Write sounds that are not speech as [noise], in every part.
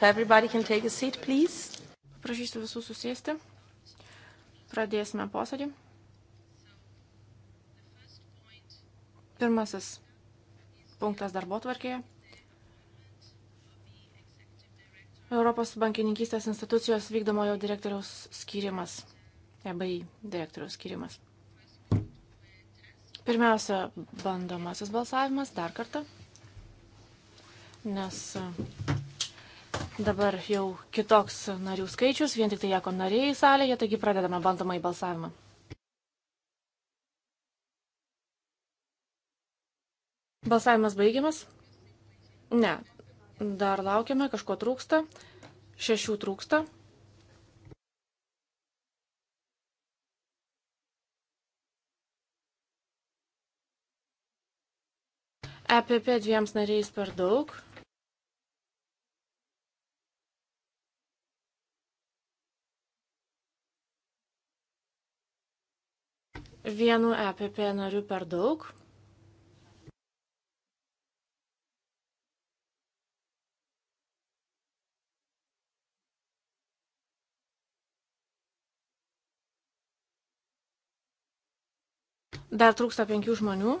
If everybody can take a seat, please. Prašysiu visų susėsti. Pradėsime posėdį. Pirmasis punktas darbo tvarkėje. Europos bankininkystės institucijos vykdomojo direktoriaus skirimas. EBI direktoriaus skirimas. Pirmiausia, bandomasis balsavimas dar kartą, nes Dabar jau kitoks narių skaičius, vien tik tai jako nariai salėje, taigi pradedame bandomą į balsavimą. Balsavimas baigiamas? Ne. Dar laukiame, kažko trūksta. Šešių trūksta. EPP dviems nariais per daug. Vienu EPP nariu per daug. Dar trūksta penkių žmonių.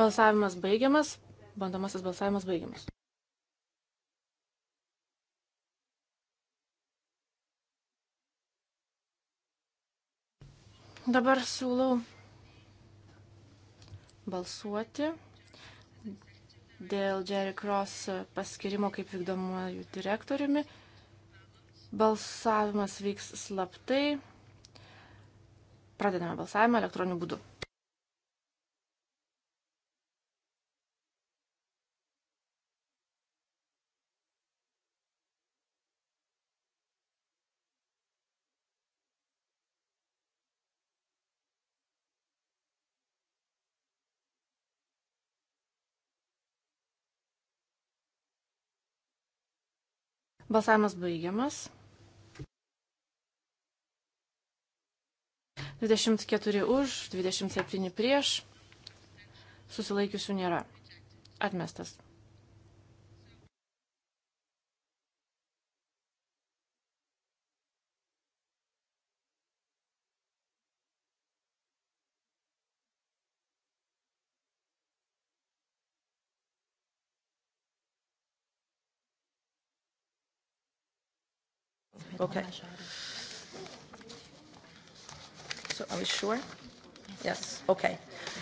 Balsavimas baigiamas. Bandomasis balsavimas baigiamas. Dabar siūlau balsuoti dėl Jerry Cross paskirimo kaip vykdomuoju direktoriumi. Balsavimas vyks slaptai. Pradedame balsavimą elektroniniu būdu. Balsavimas baigiamas. 24 už, 27 prieš. Susilaikiusių nėra. Atmestas. Okay. So are we sure? Yes. Okay.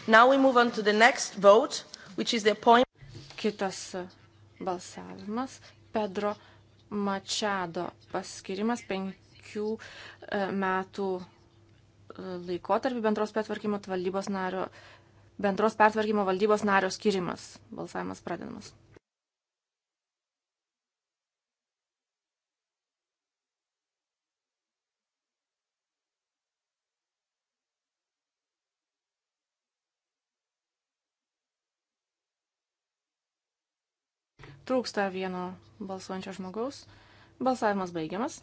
Now we move on to the next vote, which is the appointment. Kitas balsavimas. Pedro Mačado paskirimas penkių e, metų e, laikotarpį bendros pertvarkymo valdybos nario, bendros pertvarkymo valdybos nario skirimas. Balsavimas pradedamas. Trūksta vieno balsuojančio žmogaus. Balsavimas baigiamas.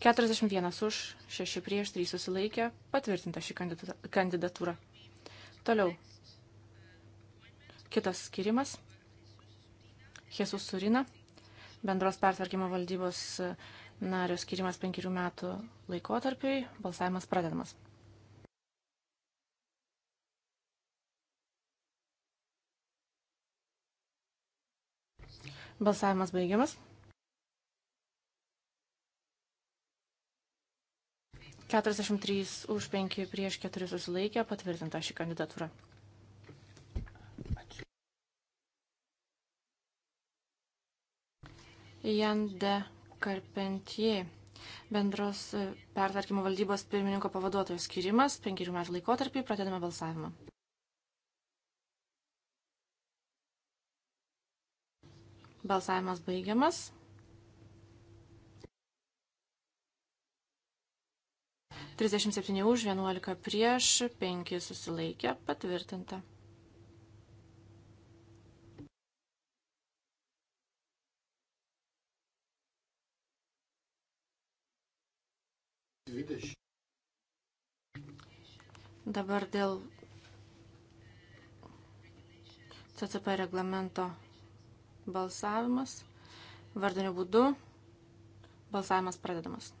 41 už, 6 prieš, 3 susilaikė, patvirtinta šį kandidatūrą. Toliau. Kitas skirimas. Jesus Surina, bendros pertvarkymo valdybos e, nario skirimas penkerių metų laikotarpiui, balsavimas pradedamas. Balsavimas baigiamas. 43 už 5 prieš 4 susilaikė patvirtinta šį kandidatūrą. Jande Karpentie, bendros pertvarkymo valdybos pirmininko pavaduotojo skirimas, penkerių metų laikotarpį, pradedame balsavimą. Balsavimas baigiamas. Trisdešimt septyni už, vienuolika prieš, penki susilaikė, patvirtinta. Dabar dėl CCP reglamento balsavimas vardiniu būdu. Balsavimas pradedamas.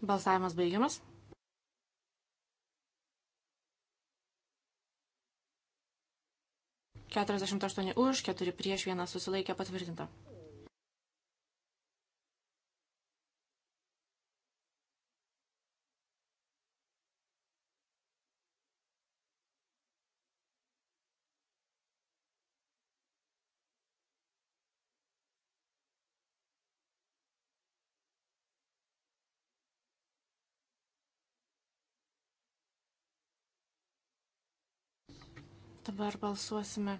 Balsavimas baigiamas. Keturiasdešimt aštuoni už, keturi prieš, vienas susilaikė patvirtinta. Dabar balsuosime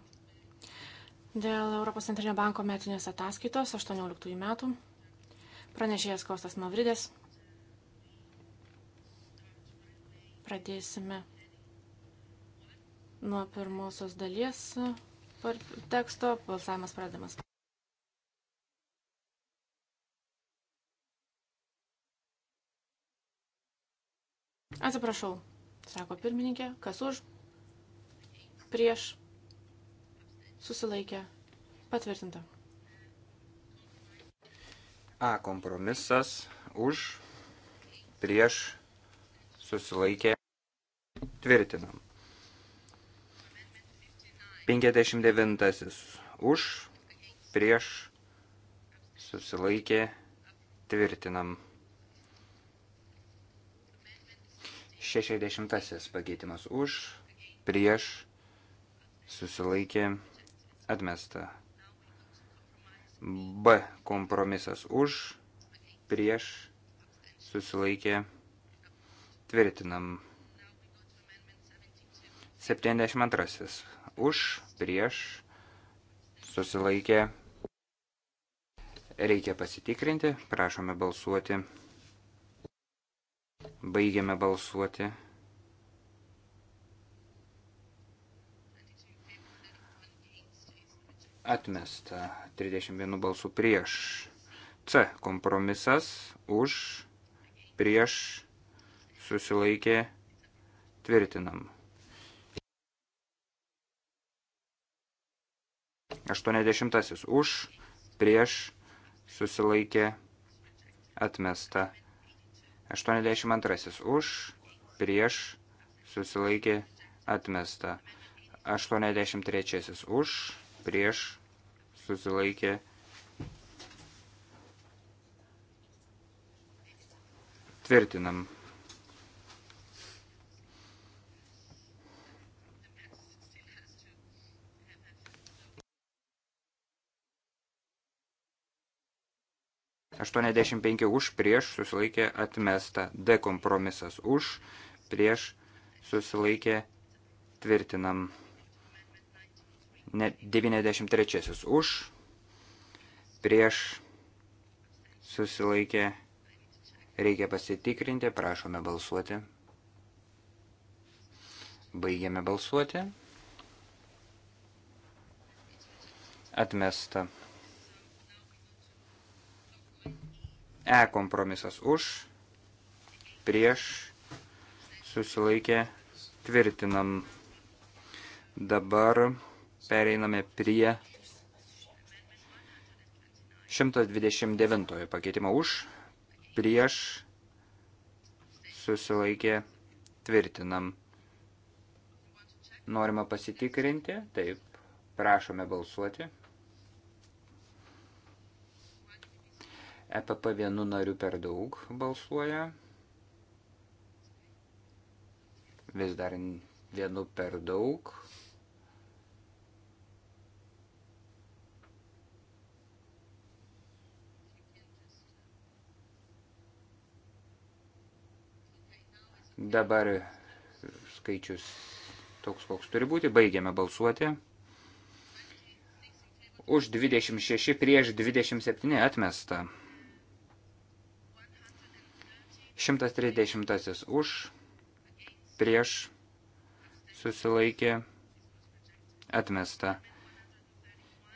dėl Europos centrinio banko metinės ataskaitos 18 metų. Pranešėjas Kostas Mavridės. Pradėsime nuo pirmosios dalies teksto. Balsavimas pradedamas. Atsiprašau, sako pirmininkė, kas už? prieš susilaikė patvirtinta. A kompromisas už prieš susilaikė tvirtinam. 59 už prieš susilaikė tvirtinam. 60 pakeitimas už prieš susilaikė atmesta. B kompromisas už, prieš susilaikė tvirtinam. 72. Už, prieš susilaikė. Reikia pasitikrinti, prašome balsuoti. Baigiame balsuoti. atmesta 31 balsų prieš. C. Kompromisas už, prieš, susilaikė, tvirtinam. 80 už, prieš, susilaikė, atmesta. 82 už, prieš, susilaikė, atmesta. 83 už, prieš, susilaikė. Tvirtinam. Aštuoniasdešimt penki už, prieš susilaikė atmesta. D kompromisas už, prieš susilaikė tvirtinam. 93 už, prieš susilaikė, reikia pasitikrinti, prašome balsuoti. Baigiame balsuoti. Atmesta. E kompromisas už, prieš susilaikė, tvirtinam. Dabar pereiname prie 129 pakeitimo už, prieš, susilaikė, tvirtinam. Norima pasitikrinti, taip, prašome balsuoti. EPP vienu nariu per daug balsuoja. Vis dar vienu per daug. Dabar skaičius toks, koks turi būti. Baigiame balsuoti. Už 26 prieš 27 atmesta. 130 už prieš susilaikė atmesta.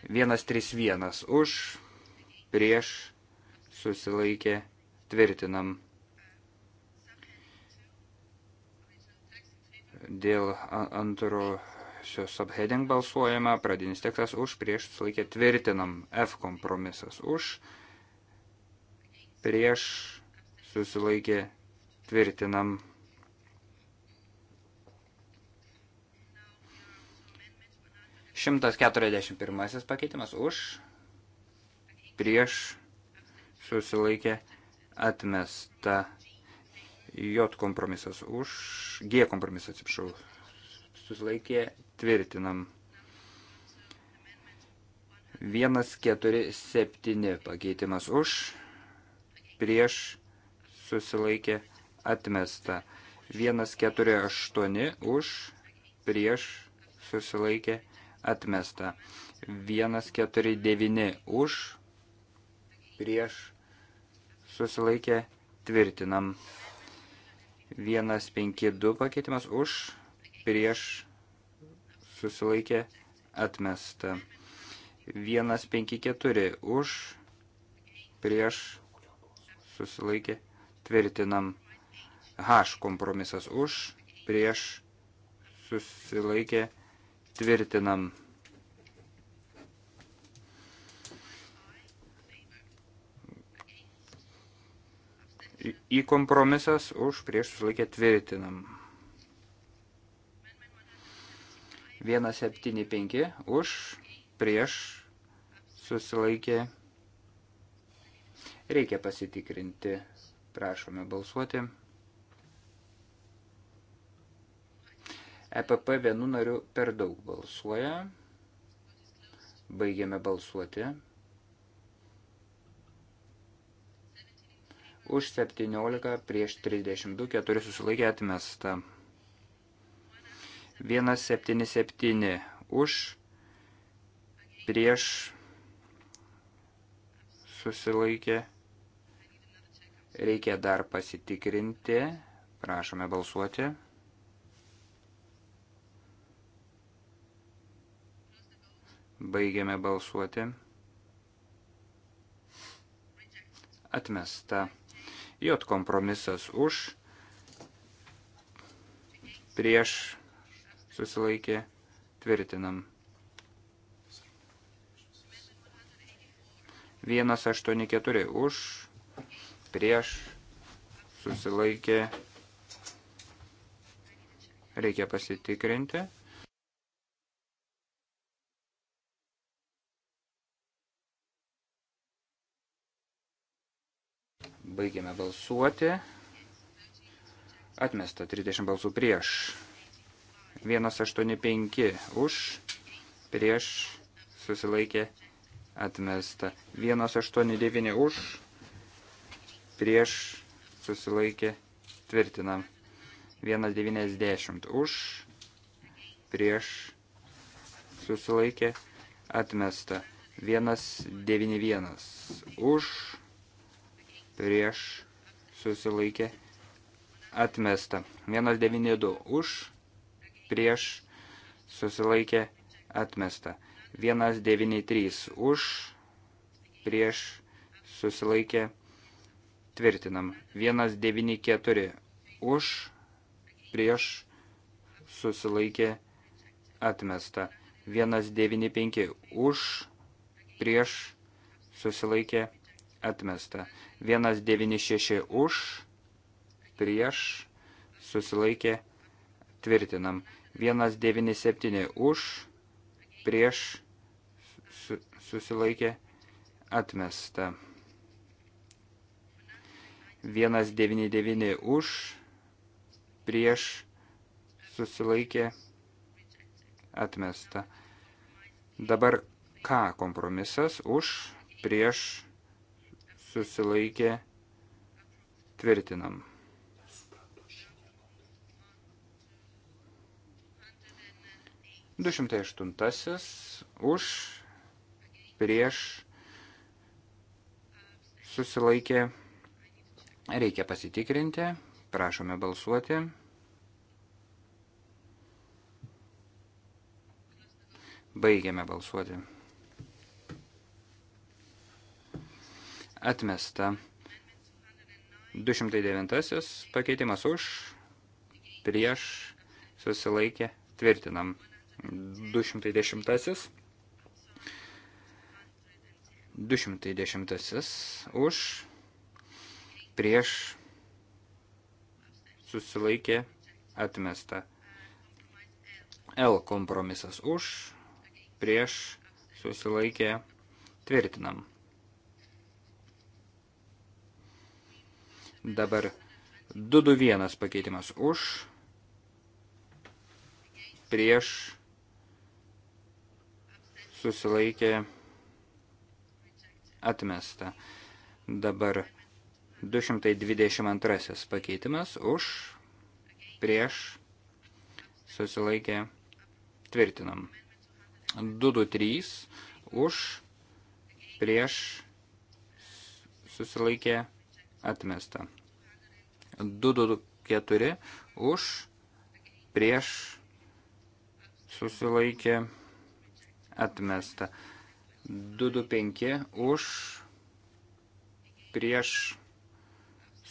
131 už prieš susilaikė tvirtinam. Dėl antrosios subheading balsuojama, pradinis tekstas už, prieš sulaikė tvirtinam, F kompromisas už, prieš susilaikė tvirtinam. Šimtas keturiasdešimt pirmasis pakeitimas už, prieš susilaikė atmesta. J kompromisas už, G kompromisas, atsiprašau, susilaikė tvirtinam. 147 pakeitimas už, prieš susilaikė atmesta. 148 už, prieš susilaikė atmesta. 149 už, prieš susilaikė tvirtinam. 152 pakeitimas už, prieš, susilaikė, atmesta. 154 už, prieš, susilaikė, tvirtinam. H kompromisas už, prieš, susilaikė, tvirtinam. į kompromisas už prieš susilaikę tvirtinam. 175 už prieš susilaikė. Reikia pasitikrinti. Prašome balsuoti. EPP vienu nariu per daug balsuoja. Baigiame balsuoti. už 17 prieš 32, 4 susilaikė atmesta. 177 už prieš susilaikė. Reikia dar pasitikrinti. Prašome balsuoti. Baigiame balsuoti. Atmesta. J kompromisas už, prieš, susilaikė, tvirtinam. 184 už, prieš, susilaikė, reikia pasitikrinti. Baigiame balsuoti. Atmesta 30 balsų prieš. 185 už. Prieš susilaikė atmesta. 189 už. Prieš susilaikė tvirtinam. 190 už. Prieš susilaikė atmesta. 191 už prieš susilaikė atmesta. 192 už, prieš susilaikė atmesta. 193 už, prieš susilaikė tvirtinam. 194 už, prieš susilaikė atmesta. 195 už, prieš susilaikė atmesta atmesta. 196 už, prieš, susilaikė, tvirtinam. 197 už, prieš, su, susilaikė, atmesta. 199 už, prieš, susilaikė, atmesta. Dabar K kompromisas už, prieš, susilaikė, tvirtinam. Du šimtai aštuntasis už, prieš, susilaikė, reikia pasitikrinti, prašome balsuoti. Baigiame balsuoti. atmesta. 209 pakeitimas už, prieš, susilaikė, tvirtinam. 210. 210 už, prieš, susilaikė, atmesta. L kompromisas už, prieš, susilaikė, tvirtinam. Dabar 221 pakeitimas už, prieš, susilaikė, atmesta. Dabar 222 pakeitimas už, prieš, susilaikė, tvirtinam. 223 už, prieš, susilaikė, atmesta atmesta. 224 už, prieš, susilaikė, atmesta. 225 už, prieš,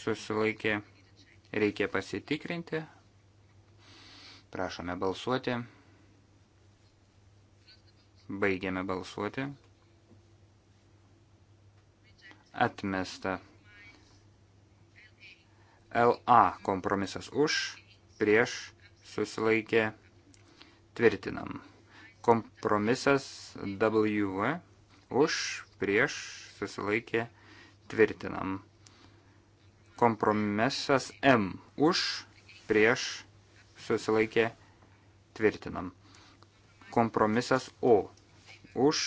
susilaikė, reikia pasitikrinti. Prašome balsuoti. Baigiame balsuoti. Atmesta. LA kompromisas už, prieš, susilaikė, tvirtinam. Kompromisas W už, prieš, susilaikė, tvirtinam. Kompromisas M už, prieš, susilaikė, tvirtinam. Kompromisas O už,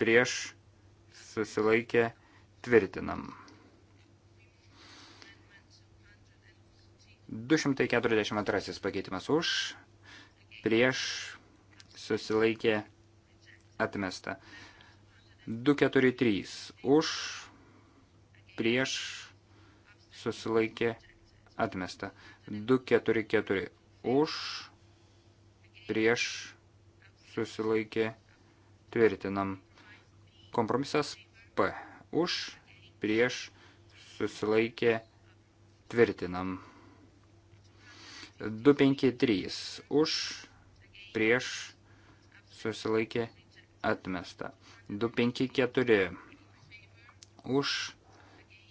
prieš, susilaikė, tvirtinam 242 pakeitimas už, prieš susilaikė atmesta. 243 už, prieš susilaikė atmesta. 244 už, prieš susilaikė tvirtinam. Kompromisas P už, prieš susilaikė tvirtinam. 253 už, prieš, susilaikė, atmesta. 254 už,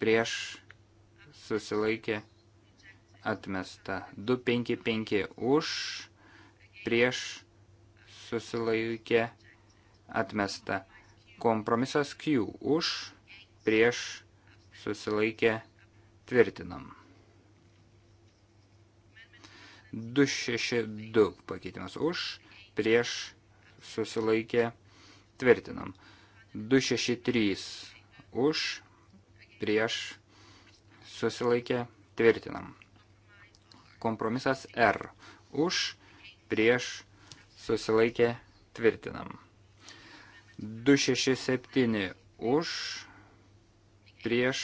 prieš, susilaikė, atmesta. 255 už, prieš, susilaikė, atmesta. Kompromisas Q už, prieš, susilaikė, tvirtinam. 262 pakeitimas už, prieš susilaikė tvirtinam. 263 už, prieš susilaikė tvirtinam. Kompromisas R už, prieš susilaikė tvirtinam. 267 už, prieš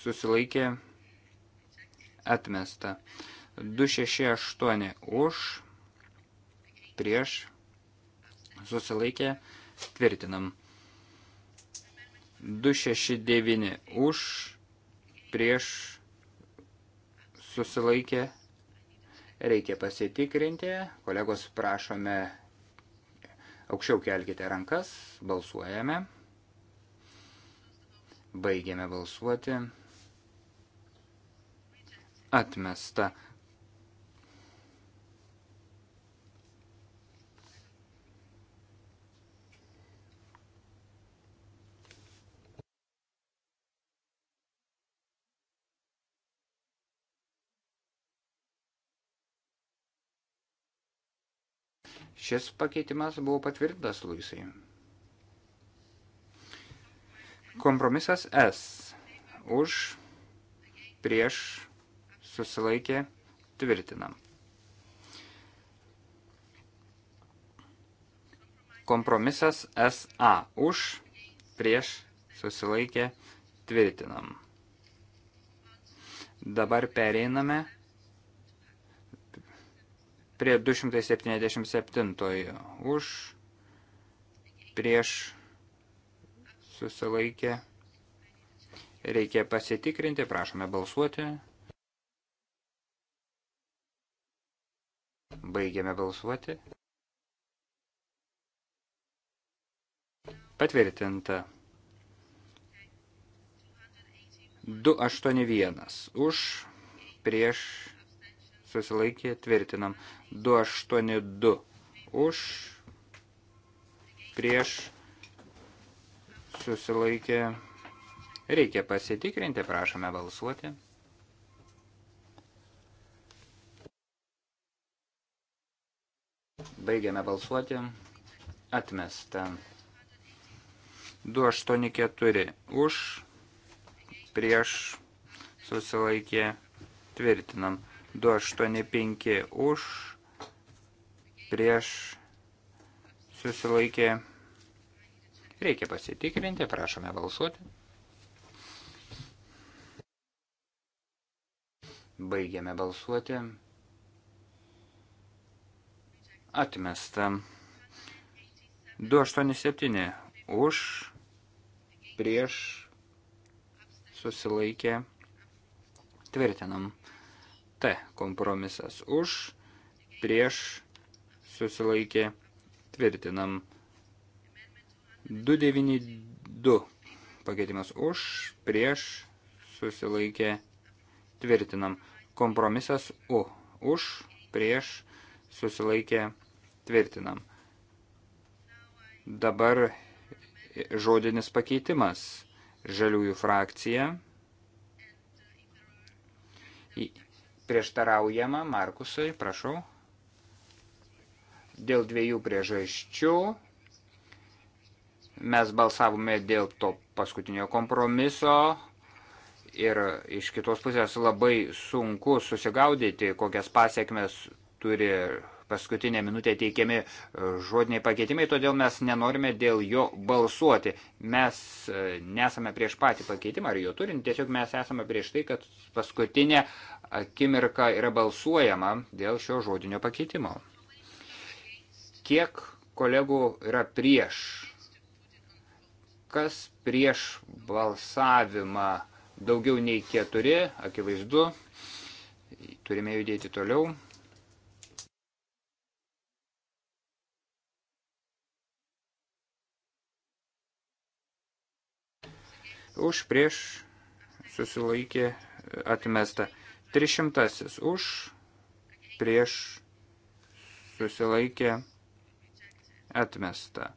susilaikė tvirtinam atmesta. 268 už, prieš, susilaikė, tvirtinam. 269 už, prieš, susilaikė, reikia pasitikrinti. Kolegos, prašome, aukščiau kelkite rankas, balsuojame. Baigėme balsuoti atmesta. Šis pakeitimas buvo patvirtintas Luisai. Kompromisas S. Už, prieš, susilaikė, tvirtinam. Kompromisas SA už, prieš, susilaikė, tvirtinam. Dabar pereiname prie 277 už, prieš, susilaikė, tvirtinam reikia pasitikrinti, prašome balsuoti. Baigiame balsuoti. Patvirtinta. 281 už prieš susilaikė tvirtinam 282 už prieš susilaikė reikia pasitikrinti prašome balsuoti Baigiame balsuoti. Atmesta. 284 už, prieš susilaikė, tvirtinam. 285 už, prieš susilaikė. Reikia pasitikrinti, prašome balsuoti. Baigiame balsuoti atmesta. 287 už, prieš, susilaikė, tvirtinam. T kompromisas už, prieš, susilaikė, tvirtinam. 292 pakeitimas už, prieš, susilaikė, tvirtinam. Kompromisas U už, prieš, susilaikė, tvirtinam susilaikė tvirtinam. Dabar žodinis pakeitimas. Žaliųjų frakcija. Prieštaraujama Markusui, prašau. Dėl dviejų priežasčių mes balsavome dėl to paskutinio kompromiso ir iš kitos pusės labai sunku susigaudyti, kokias pasiekmes turi paskutinę minutę teikiami e, žodiniai pakeitimai, todėl mes nenorime dėl jo balsuoti. Mes e, nesame prieš patį pakeitimą ar jo turinį, tiesiog mes esame prieš tai, kad paskutinė akimirka yra balsuojama dėl šio žodinio pakeitimo. Kiek kolegų yra prieš? Kas prieš balsavimą? Daugiau nei keturi, akivaizdu. Turime judėti toliau. už prieš susilaikė atmesta. 300 už prieš susilaikė atmesta.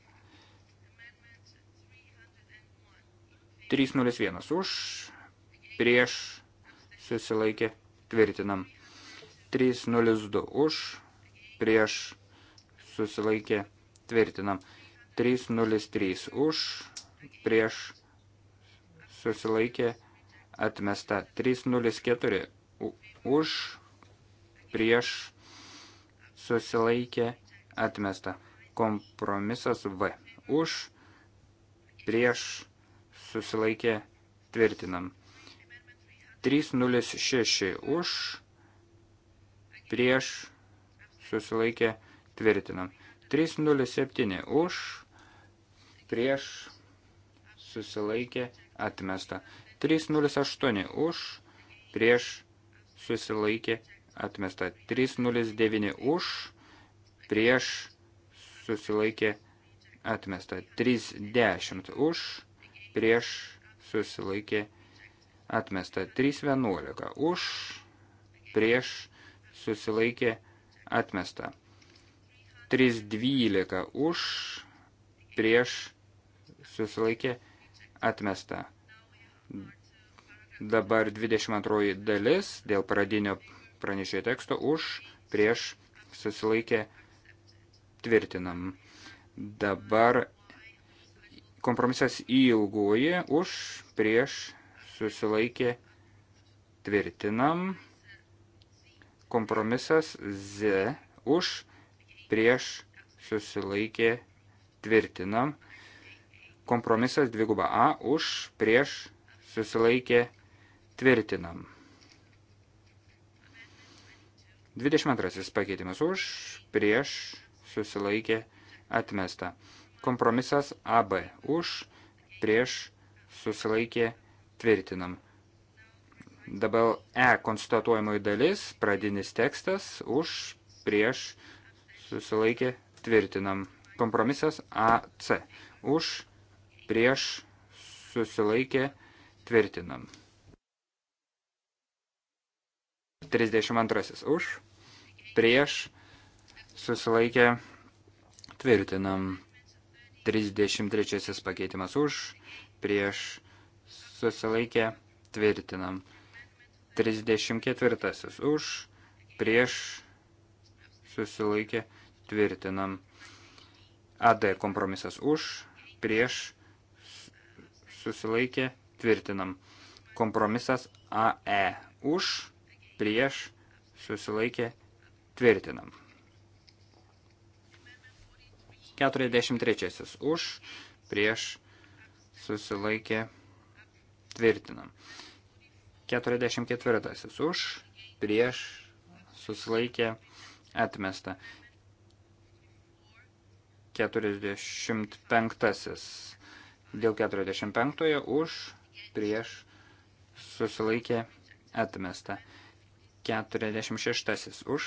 301 už prieš susilaikė tvirtinam. 302 už prieš susilaikė tvirtinam. 303 už prieš susilaikė tvirtinam susilaikė atmesta 304 už prieš susilaikė atmesta kompromisas V už prieš susilaikė tvirtinam 306 už prieš susilaikė tvirtinam 307 už prieš susilaikė tvirtinam atmesta. 308 už, prieš susilaikė atmesta. 309 už, prieš susilaikė atmesta. 310 už, prieš susilaikė atmesta. 311 už, prieš susilaikė atmesta. 312 už, prieš susilaikė atmesta. Dabar 22 dalis dėl pradinio pranešėjo teksto už, prieš, susilaikė, tvirtinam. Dabar kompromisas į ilgoji už, prieš, susilaikė, tvirtinam. Kompromisas Z už, prieš, susilaikė, tvirtinam. Kompromisas 2A už prieš susilaikė tvirtinam. 22 pakeitimas už prieš susilaikė atmesta. Kompromisas AB už prieš susilaikė tvirtinam. Dabar E konstatuojamoji dalis, pradinis tekstas už prieš susilaikė tvirtinam. Kompromisas AC už prieš susilaikė tvirtinam. 32 už, prieš susilaikė tvirtinam. 33 pakeitimas už, prieš susilaikė tvirtinam. 34 už, prieš susilaikė tvirtinam. AD kompromisas už, prieš susilaikė, tvirtinam. Kompromisas AE už, prieš, susilaikė, tvirtinam. 43 už, prieš, susilaikė, tvirtinam. 44 už, prieš, susilaikė, atmesta. 45 Dėl 45 už, prieš, susilaikė, atmesta. 46 už,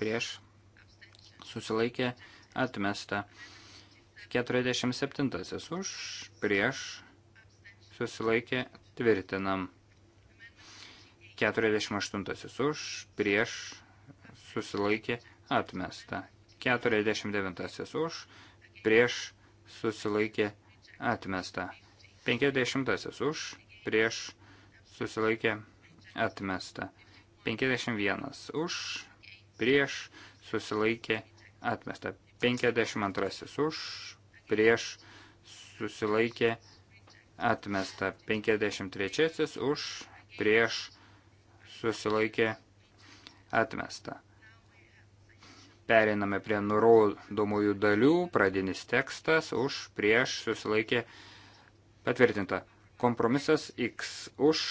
prieš, susilaikė, atmesta. 47 už, prieš, susilaikė, tvirtinam. 48 už, prieš, susilaikė, atmesta. 49 už, prieš, susilaikė, atmesta atmesta. 50 už, prieš, susilaikė, atmesta. 51 už, prieš, susilaikė, atmesta. 52 už, prieš, susilaikė, atmesta. 53 už, prieš, susilaikė, atmesta. Periname prie nurodomųjų dalių, pradinis tekstas už, prieš, susilaikė, patvirtinta. Kompromisas X už,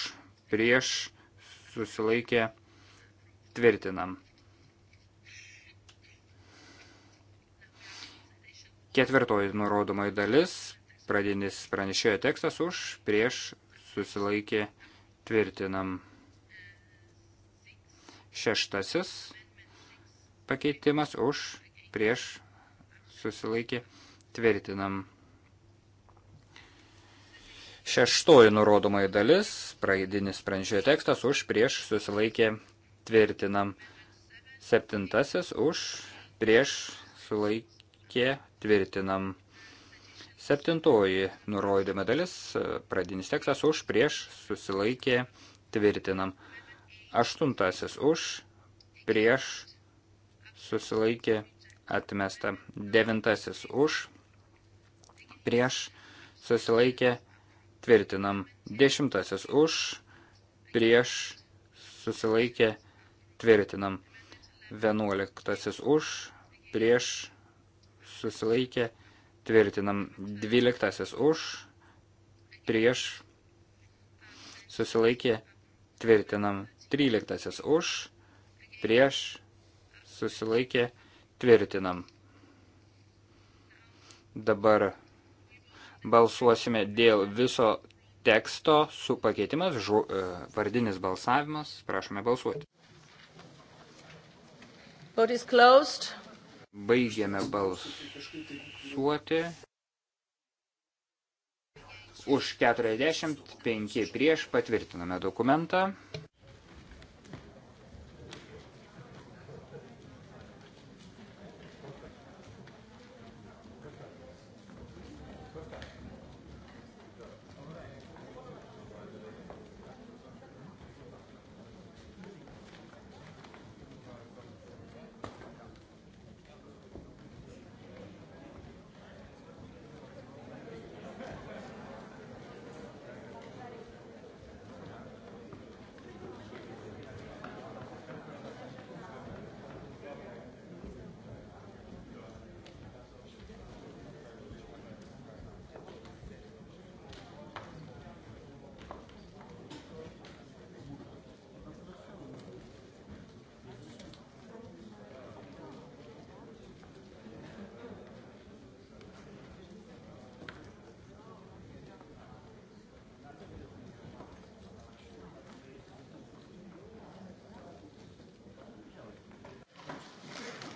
prieš, susilaikė, tvirtinam. Ketvirtoji nurodomoji dalis, pradinis pranešėjo tekstas už, prieš, susilaikė, tvirtinam. Šeštasis pakeitimas už, prieš, susilaikė, tvirtinam. Šeštoji nurodomoji dalis, praidinis pranešėjo tekstas, už, prieš, susilaikė, tvirtinam. Septintasis už, prieš, sulaikė, tvirtinam. Septintoji nurodėme dalis, pradinis tekstas už, prieš, susilaikė, tvirtinam. Aštuntasis už, prieš, susilaikė atmesta. Devintasis už, prieš susilaikė tvirtinam. Dešimtasis už, prieš susilaikė tvirtinam. Vienuoliktasis už, prieš susilaikė tvirtinam. Dvyliktasis už, prieš susilaikė tvirtinam. Tryliktasis už, prieš susilaikė tvirtinam susilaikė, tvirtinam. Dabar balsuosime dėl viso teksto su pakeitimas, žu, e, vardinis balsavimas, prašome balsuoti. Baigėme balsuoti už 45 prieš patvirtiname dokumentą.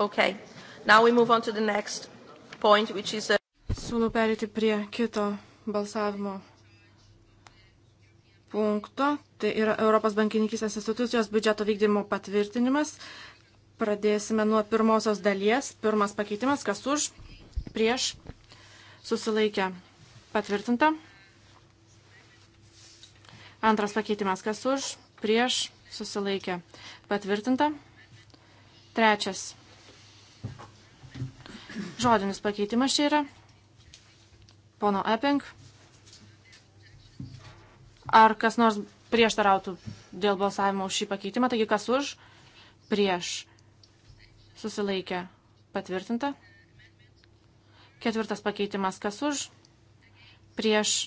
Okay. Now we move on to the next point, which is a... Uh, Siūlau perėti prie kito balsavimo punkto. Tai yra Europos bankininkysės institucijos biudžeto vykdymo patvirtinimas. Pradėsime nuo pirmosios dalies. Pirmas pakeitimas, kas už, prieš, susilaikę, patvirtinta. Antras pakeitimas, kas už, prieš, susilaikę, patvirtinta. Trečias Žodinis pakeitimas čia yra. Pono Epping. Ar kas nors prieštarautų dėl balsavimo už šį pakeitimą? Taigi kas už? Prieš. Susilaikė. Patvirtinta. Ketvirtas pakeitimas kas už? Prieš.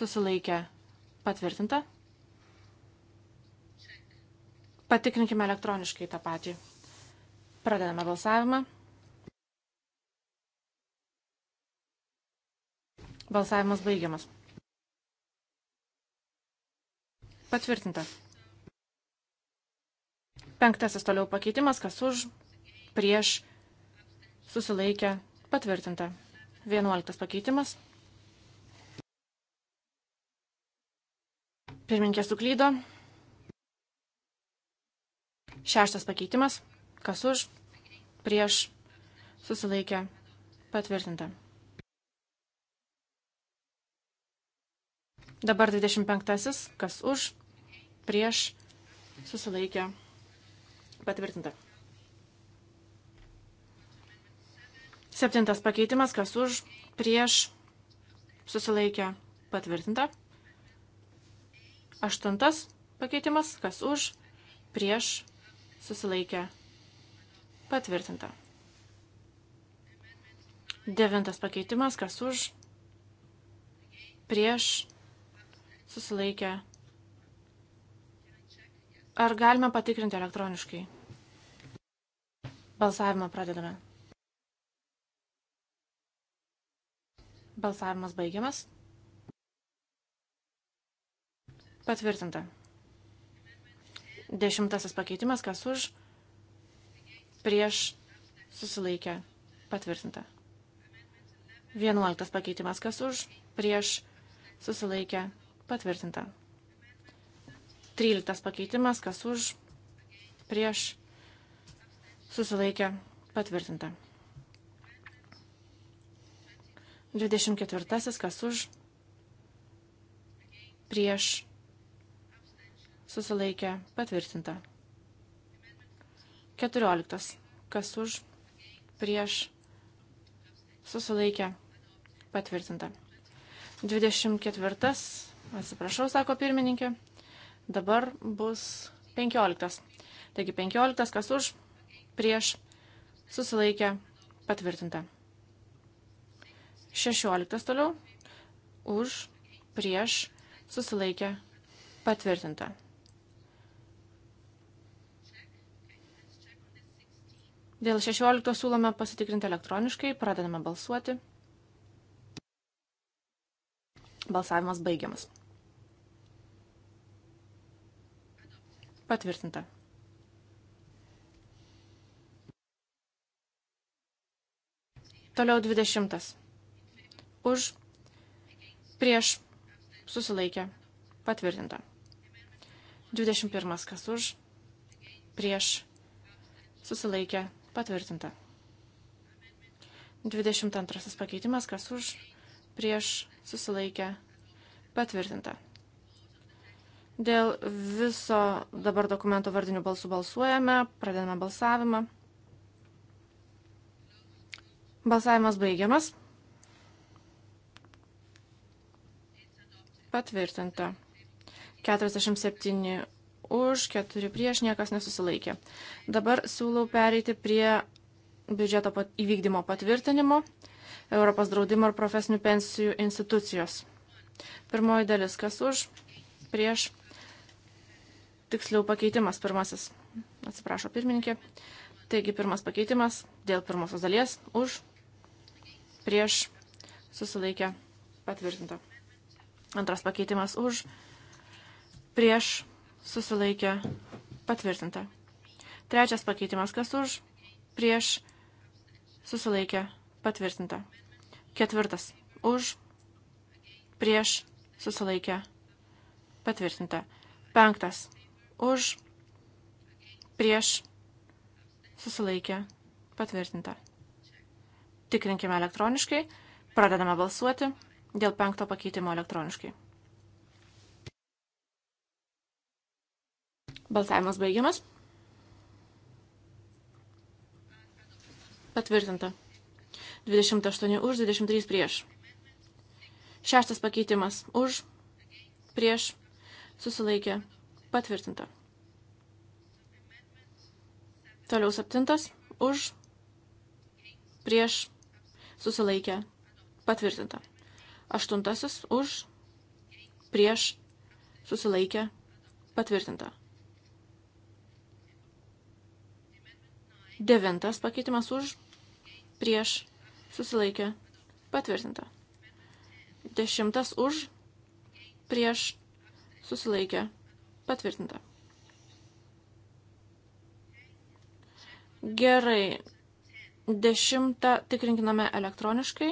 Susilaikė. Patvirtinta. Patikrinkime elektroniškai tą patį. Pradedame balsavimą. Balsavimas baigiamas. Patvirtinta. Penktasis toliau pakeitimas, kas už, prieš, susilaikę, patvirtinta. Vienuoliktas pakeitimas. Pirminkė suklydo. Šeštas pakeitimas, kas už, prieš, susilaikę, patvirtinta. Dabar 25. Kas už, prieš, susilaikė, patvirtinta. Septintas pakeitimas, kas už, prieš, susilaikė, patvirtinta. Aštuntas pakeitimas, kas už, prieš, susilaikė, patvirtinta. Devintas pakeitimas, kas už, prieš, susilaikė. Ar galime patikrinti elektroniškai? Balsavimą pradedame. Balsavimas baigiamas. Patvirtinta. Dešimtasis pakeitimas, kas už, prieš, susilaikė, patvirtinta. Vienuoliktas pakeitimas, kas už, prieš, susilaikė, patvirtinta Patvirtinta. 13 pakeitimas, kas už, prieš, susilaikė, patvirtinta. 24 kas už, prieš, susilaikė, patvirtinta. 14 kas už, prieš, susilaikė, patvirtinta. 24 Atsiprašau, sako pirmininkė. Dabar bus 15. Taigi 15, kas už, prieš, susilaikė, patvirtinta. 16 toliau, už, prieš, susilaikė, patvirtinta. Dėl 16 siūlome pasitikrinti elektroniškai, pradedame balsuoti. Balsavimas baigiamas. Patvirtinta. Toliau 20. Už, prieš, susilaikė, patvirtinta. 21. Kas už, prieš, susilaikė, patvirtinta. 22. Pakeitimas, kas už, prieš, susilaikė, patvirtinta. Dėl viso dabar dokumento vardinių balsų balsuojame, pradedame balsavimą. Balsavimas baigiamas. Patvirtinta. 47 už, 4 prieš, niekas nesusilaikė. Dabar siūlau pereiti prie biudžeto pat, įvykdymo patvirtinimo Europos draudimo ir profesinių pensijų institucijos. Pirmoji dalis, kas už, prieš, tiksliau pakeitimas pirmasis. Atsiprašo pirmininkė. Taigi pirmas pakeitimas dėl pirmosios dalies už prieš susilaikę patvirtinta. Antras pakeitimas už prieš susilaikę patvirtinta. Trečias pakeitimas kas už prieš susilaikę patvirtinta. Ketvirtas už prieš susilaikę patvirtinta. Penktas už, prieš, susilaikė, patvirtinta. Tikrinkime elektroniškai, pradedame balsuoti dėl penkto pakeitimo elektroniškai. Balsavimas baigiamas. Patvirtinta. 28 už, 23 prieš. Šeštas pakeitimas už, prieš, susilaikė, Patvirtinta. Toliau septintas. Už. Prieš. Susilaikė. Patvirtinta. Aštuntasis. Už. Prieš. Susilaikė. Patvirtinta. Devintas pakeitimas už. Prieš. Susilaikė. Patvirtinta. Dešimtas už. Prieš. Susilaikė. Patvirtinta. Gerai. Dešimtą tikrinkiname elektroniškai.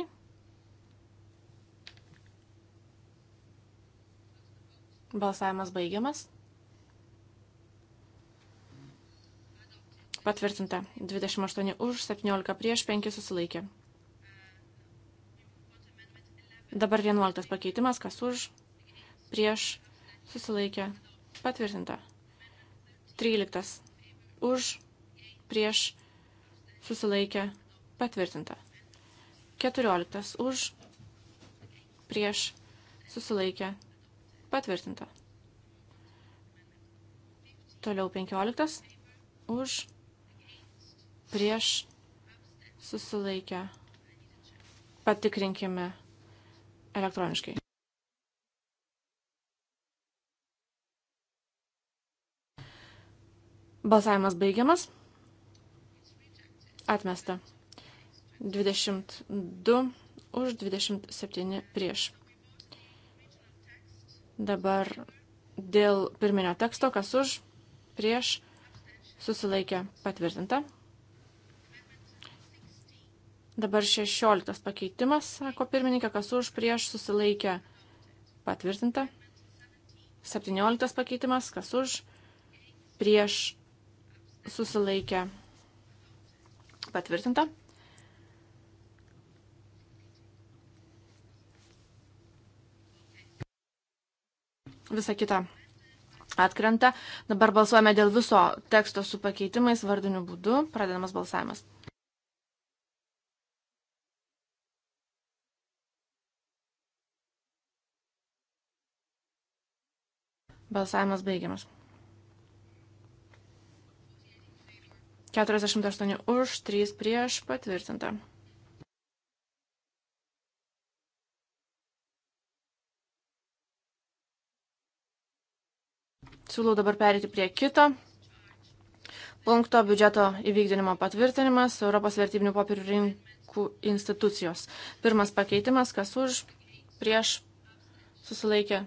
Balsavimas baigiamas. Patvirtinta. 28 už, 17 prieš, 5 susilaikė. Dabar 11 pakeitimas, kas už, prieš, susilaikė, Patvirtinta. 13. Už, prieš, susilaikė, patvirtinta. 14. Už, prieš, susilaikė, patvirtinta. Toliau 15. Už, prieš, susilaikė. Patikrinkime elektroniškai. Balsavimas baigiamas. Atmesta. 22 už 27 prieš. Dabar dėl pirminio teksto, kas už, prieš, susilaikė patvirtinta. Dabar 16 pakeitimas, sako pirmininkė, kas už, prieš, susilaikė patvirtinta. 17 pakeitimas, kas už, prieš, susilaikė patvirtinta. Visa kita atkrenta. Dabar balsuojame dėl viso teksto su pakeitimais vardiniu būdu. Pradedamas balsavimas. Balsavimas baigiamas. 48 už, 3 prieš patvirtinta. Siūlau dabar perėti prie kito punkto biudžeto įvykdinimo patvirtinimas Europos vertybinių popierių rinkų institucijos. Pirmas pakeitimas, kas už, prieš, susilaikė,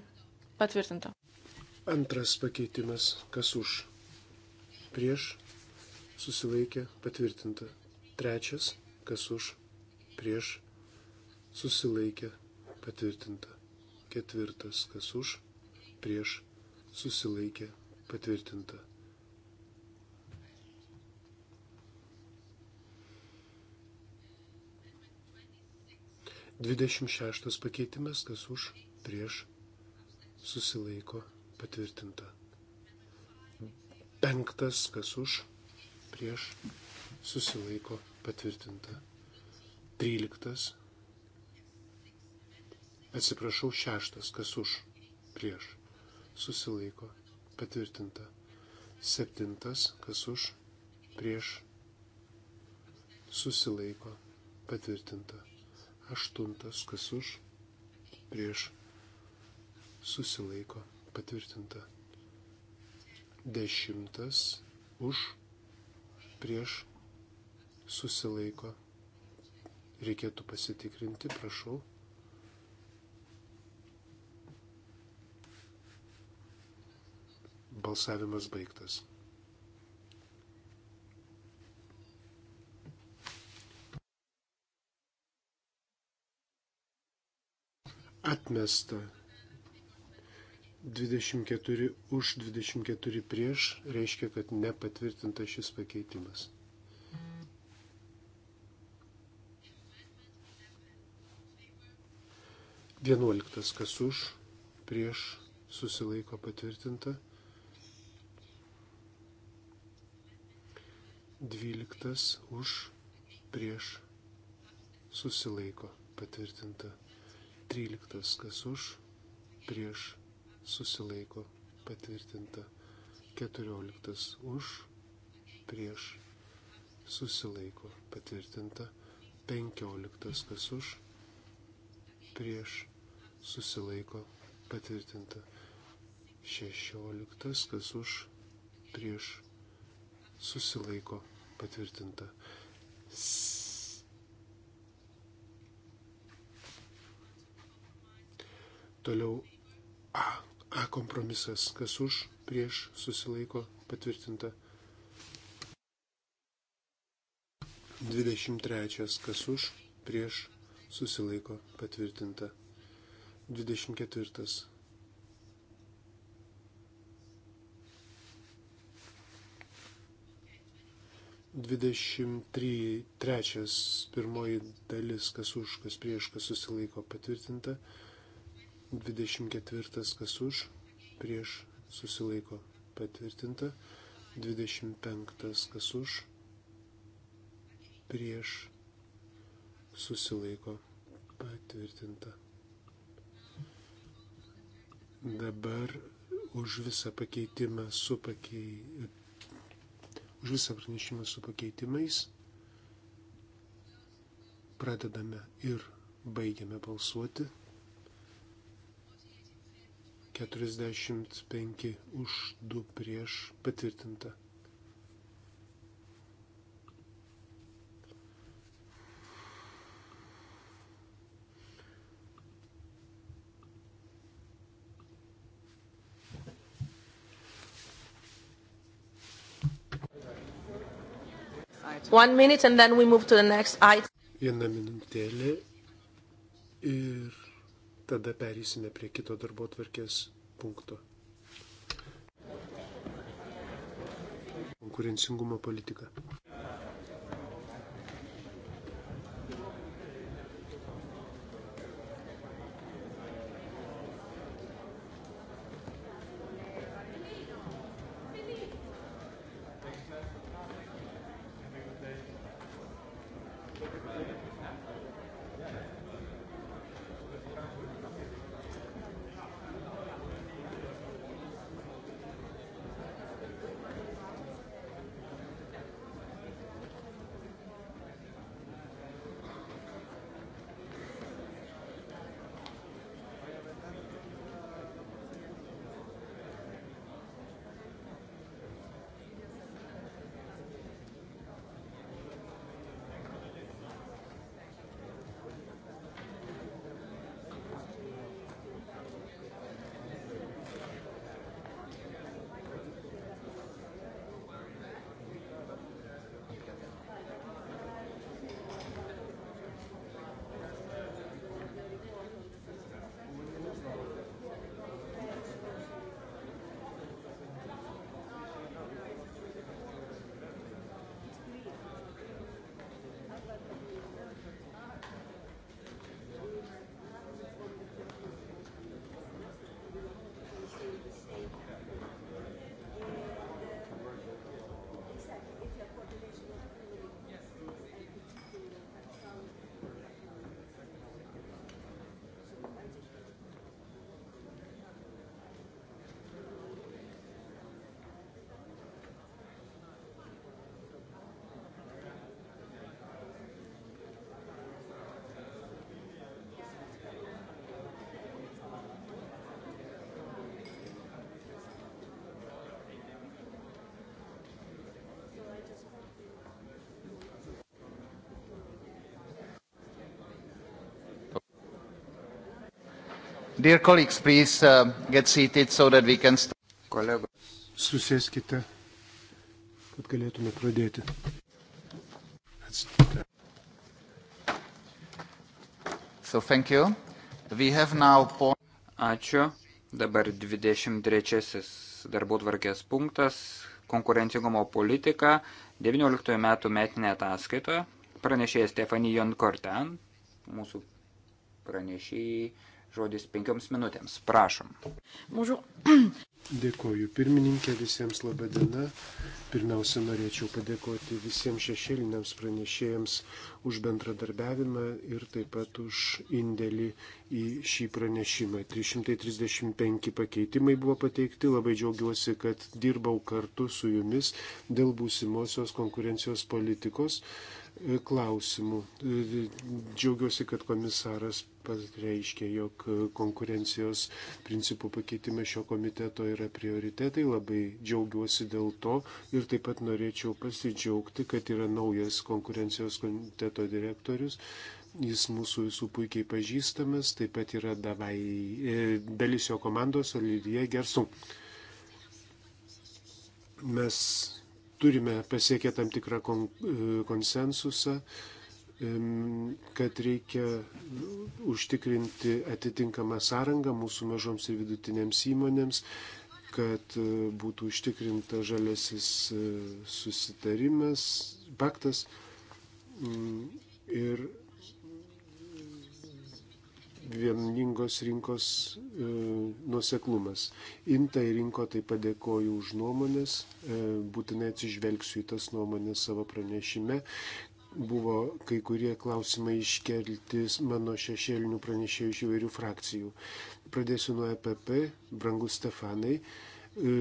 patvirtinta. Antras pakeitimas, kas už, prieš, susilaikė patvirtinta. Trečias, kas už, prieš, susilaikė patvirtinta. Ketvirtas, kas už, prieš, susilaikė patvirtinta. Dvidešimt šeštas pakeitimas, kas už, prieš, susilaiko patvirtinta. Penktas, kas už, prieš susilaiko patvirtinta. 13. Atsiprašau, 6. Kas už prieš susilaiko patvirtinta. 7. Kas už prieš susilaiko patvirtinta. 8. Kas už prieš susilaiko patvirtinta. 10. Už prieš susilaiko. Reikėtų pasitikrinti, prašau. Balsavimas baigtas. Atmesta 24 už 24 prieš reiškia, kad nepatvirtinta šis pakeitimas. Vienuoliktas, kas už, prieš, susilaiko patvirtinta. Dvyliktas, už, prieš, susilaiko patvirtinta. Tryliktas, kas už, prieš, susilaiko patvirtinta. 14 už, prieš susilaiko patvirtinta. 15 kas už, prieš susilaiko patvirtinta. 16 kas už, prieš susilaiko patvirtinta. Toliau A kompromisas, kas už, prieš, susilaiko, patvirtinta. 23, kas už, prieš, susilaiko, patvirtinta. 24. Dvidešimt trečias pirmoji dalis, kas už, kas prieš, kas susilaiko patvirtinta. 25 24 kas už, prieš susilaiko patvirtinta, 25 kas už, prieš susilaiko patvirtinta. Dabar už visą pakeitimą su pakei... už visą pranešimą su pakeitimais pradedame ir baigiame balsuoti. 45 už 2 prieš patvirtinta. One minute and then we move to the next item. Viena minutėlė ir tada perėsime prie kito darbo tvarkės punkto. Konkurencingumo politika. Dear colleagues, please uh, get seated so that we can start. Kolegos, susėskite, kad galėtume pradėti. Atsitite. So thank you. We have now point... Ačiū. Dabar 23 darbo tvarkės punktas – konkurencingumo politika 19 metų metinė ataskaita. Pranešėja Stefanija Jonkorten, mūsų pranešėjai žodis penkioms minutėms. Prašom. Bonjour. Dėkoju pirmininkė, visiems laba diena. Pirmiausia, norėčiau padėkoti visiems šešėliniams pranešėjams už bendradarbiavimą ir taip pat už indėlį į šį pranešimą. 335 pakeitimai buvo pateikti, labai džiaugiuosi, kad dirbau kartu su jumis dėl būsimosios konkurencijos politikos klausimų. Džiaugiuosi, kad komisaras pareiškė, jog konkurencijos principų pakeitime šio komiteto yra prioritetai. Labai džiaugiuosi dėl to ir taip pat norėčiau pasidžiaugti, kad yra naujas konkurencijos komiteto direktorius. Jis mūsų visų puikiai pažįstamas, taip pat yra davai, e, dalis jo komandos Olivija Gersu. Mes turime pasiekę tam tikrą kon, e, konsensusą, kad reikia užtikrinti atitinkamą sąrangą mūsų mažoms ir vidutinėms įmonėms, kad e, būtų užtikrinta žalėsis e, susitarimas, paktas mm, ir vieningos rinkos e, nuseklumas. Inta ir rinko taip pat dėkoju už nuomonės, e, būtinai atsižvelgsiu į tas nuomonės savo pranešime. Buvo kai kurie klausimai iškelti mano šešėlinių pranešėjų iš įvairių frakcijų. Pradėsiu nuo EPP, brangus Stefanai. E,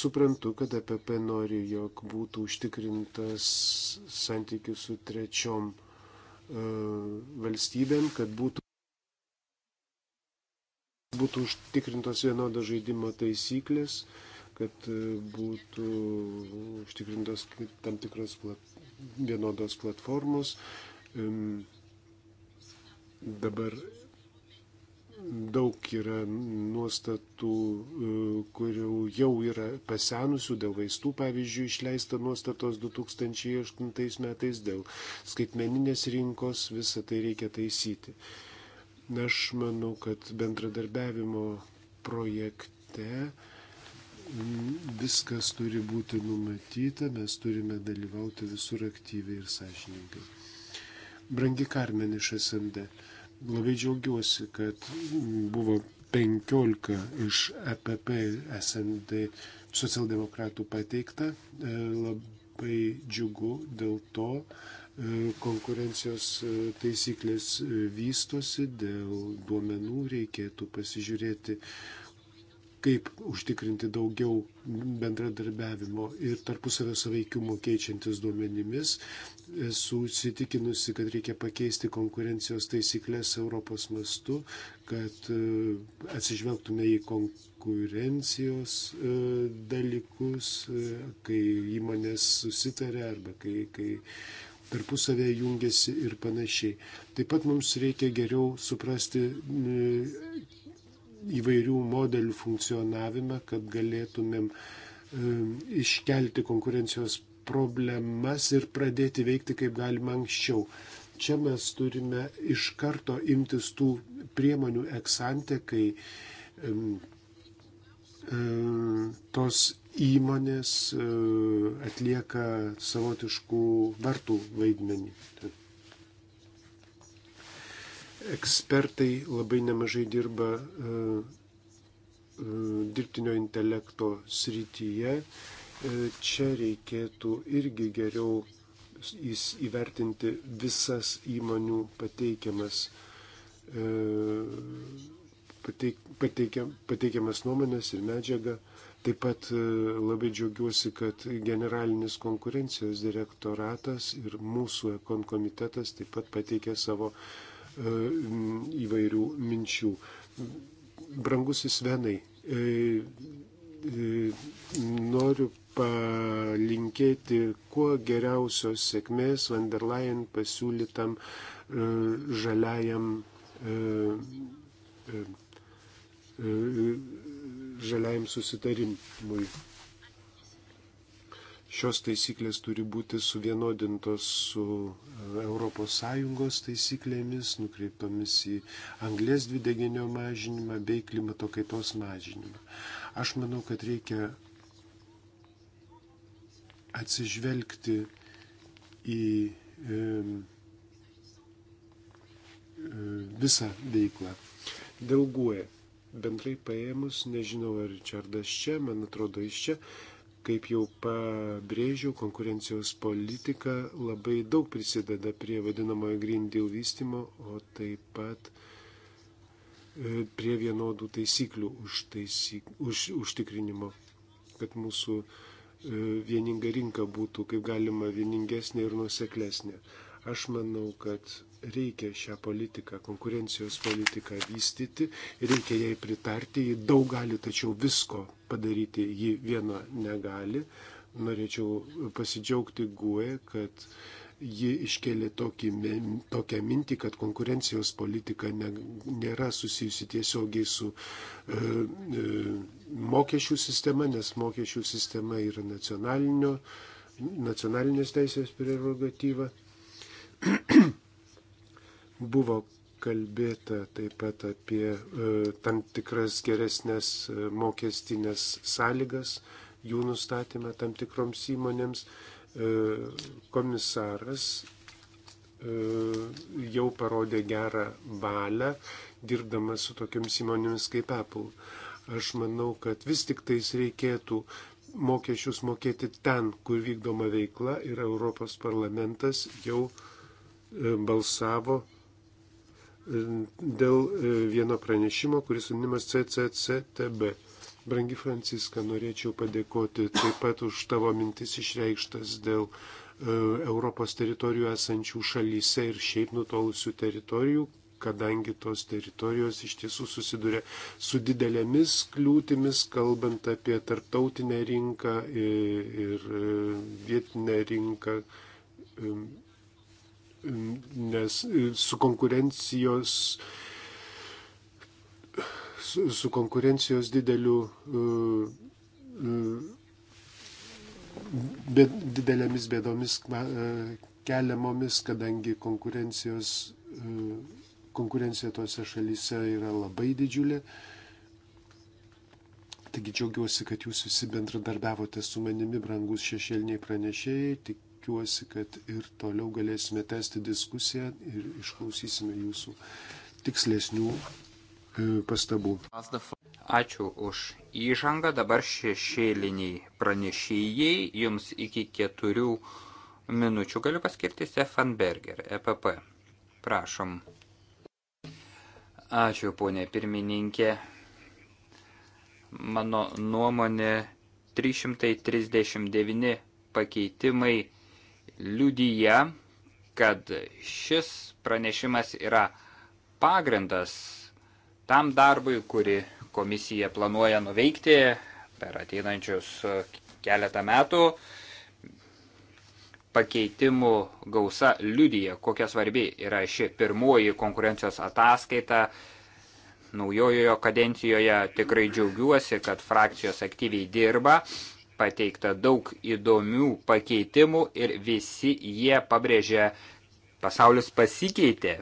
suprantu, kad APP e nori, jog būtų užtikrintas santykių su trečiom e, valstybėm, kad būtų būtų užtikrintos vienodos žaidimo taisyklės, kad e, būtų užtikrintos tam tikros plat, vienodos platformos. Dabar daug yra nuostatų, e, kurių jau yra pasenusių, dėl vaistų, pavyzdžiui, išleista nuostatos 2008 metais, dėl skaitmeninės rinkos, visą tai reikia taisyti. Aš manau, kad bendradarbiavimo projekte viskas turi būti numatyta, mes turime dalyvauti visur aktyviai ir sąžininkai. Brangi Karmen iš SMD, labai džiaugiuosi, kad buvo 15 iš EPP SMD socialdemokratų pateikta. E, labai džiugu dėl to, E, konkurencijos e, taisyklės e, vystosi, dėl duomenų reikėtų pasižiūrėti, kaip užtikrinti daugiau bendradarbiavimo ir tarpusavio saveikiumo keičiantis duomenimis. Esu įsitikinusi, kad reikia pakeisti konkurencijos taisyklės Europos mastu, kad atsižvelgtume į konkurencijos dalykus, kai įmonės susitarė arba kai, kai tarpusavėje jungiasi ir panašiai. Taip pat mums reikia geriau suprasti e, įvairių modelių funkcionavimą, kad galėtumėm e, iškelti konkurencijos problemas ir pradėti veikti kaip galima anksčiau. Čia mes turime iš karto imtis tų priemonių eksante, kai um, um, tos įmonės e, atlieka savotiškų vartų vaidmenį. Ekspertai labai nemažai dirba e, e, dirbtinio intelekto srityje. Čia reikėtų irgi geriau įvertinti visas įmonių pateikiamas, pateik, pateikiamas nuomonės ir medžiagą Taip pat e, labai džiaugiuosi, kad generalinis konkurencijos direktoratas ir mūsų ekon komitetas taip pat pateikė savo e, įvairių minčių. Brangusis Venai, e, noriu palinkėti kuo geriausios sėkmės van der Leyen pasiūlytam žaliajam žaliajam susitarimui. Šios taisyklės turi būti suvienodintos su ES taisyklėmis, nukreiptomis į anglės dvideginio mažinimą bei klimato kaitos mažinimą. Aš manau, kad reikia atsižvelgti į e, e, visą veiklą. Dėl guoja e bendrai paėmus, nežinau ar Čardas čia, man atrodo iš čia, kaip jau pabrėžiau, konkurencijos politika labai daug prisideda prie vadinamojo Green Deal vystimo, o taip pat e, prie vienodų taisyklių už taisyk, už, užtikrinimo, kad mūsų e, vieninga rinka būtų kaip galima vieningesnė ir nuseklesnė. Aš manau, kad reikia šią politiką, konkurencijos politiką vystyti, reikia jai pritarti, ji daug gali, tačiau visko padaryti ji viena negali. Norėčiau pasidžiaugti GUE, kad ji iškėlė tokį, tokią mintį, kad konkurencijos politika ne, nėra susijusi tiesiogiai su e, e, mokesčių sistema, nes mokesčių sistema yra nacionalinės teisės prerogatyva. [clears throat] Buvo kalbėta taip pat apie e, tam tikras geresnės e, mokestinės sąlygas, jų nustatymą tam tikroms įmonėms. E, komisaras jau parodė gerą valią, dirbdamas su tokiams įmonėmis kaip Apple. Aš manau, kad vis tik tais reikėtų mokesčius mokėti ten, kur vykdoma veikla ir Europos parlamentas jau balsavo dėl e, vieno pranešimo, kuris vadinamas CCCTB. Brangi Franciska, norėčiau padėkoti taip pat už tavo mintis išreikštas dėl e, Europos teritorijų esančių šalyse ir šiaip nutolusių teritorijų, kadangi tos teritorijos iš tiesų susiduria su didelėmis kliūtimis, kalbant apie tarptautinę rinką ir e, vietinę rinką nes e, su konkurencijos su, su konkurencijos dideliu e, e, bet didelėmis bėdomis keliamomis, kadangi konkurencijos konkurencija tose šalyse yra labai didžiulė. Taigi džiaugiuosi, kad jūs visi bendradarbiavote su manimi, brangus šešėliniai pranešėjai. Tik tikiuosi, kad ir toliau galėsime tęsti diskusiją ir išklausysime jūsų tikslesnių e, pastabų. Ačiū už įžangą. Dabar šešėliniai pranešėjai jums iki keturių minučių galiu paskirti Stefan Berger, EPP. Prašom. Ačiū, ponė pirmininkė. Mano nuomonė 339 pakeitimai liudyja, kad šis pranešimas yra pagrindas tam darbui, kurį komisija planuoja nuveikti per ateinančius keletą metų. Pakeitimų gausa liudyja, kokia svarbi yra ši pirmoji konkurencijos ataskaita. Naujojojo kadencijoje tikrai džiaugiuosi, kad frakcijos aktyviai dirba pateikta daug įdomių pakeitimų ir visi jie pabrėžia, pasaulis pasikeitė.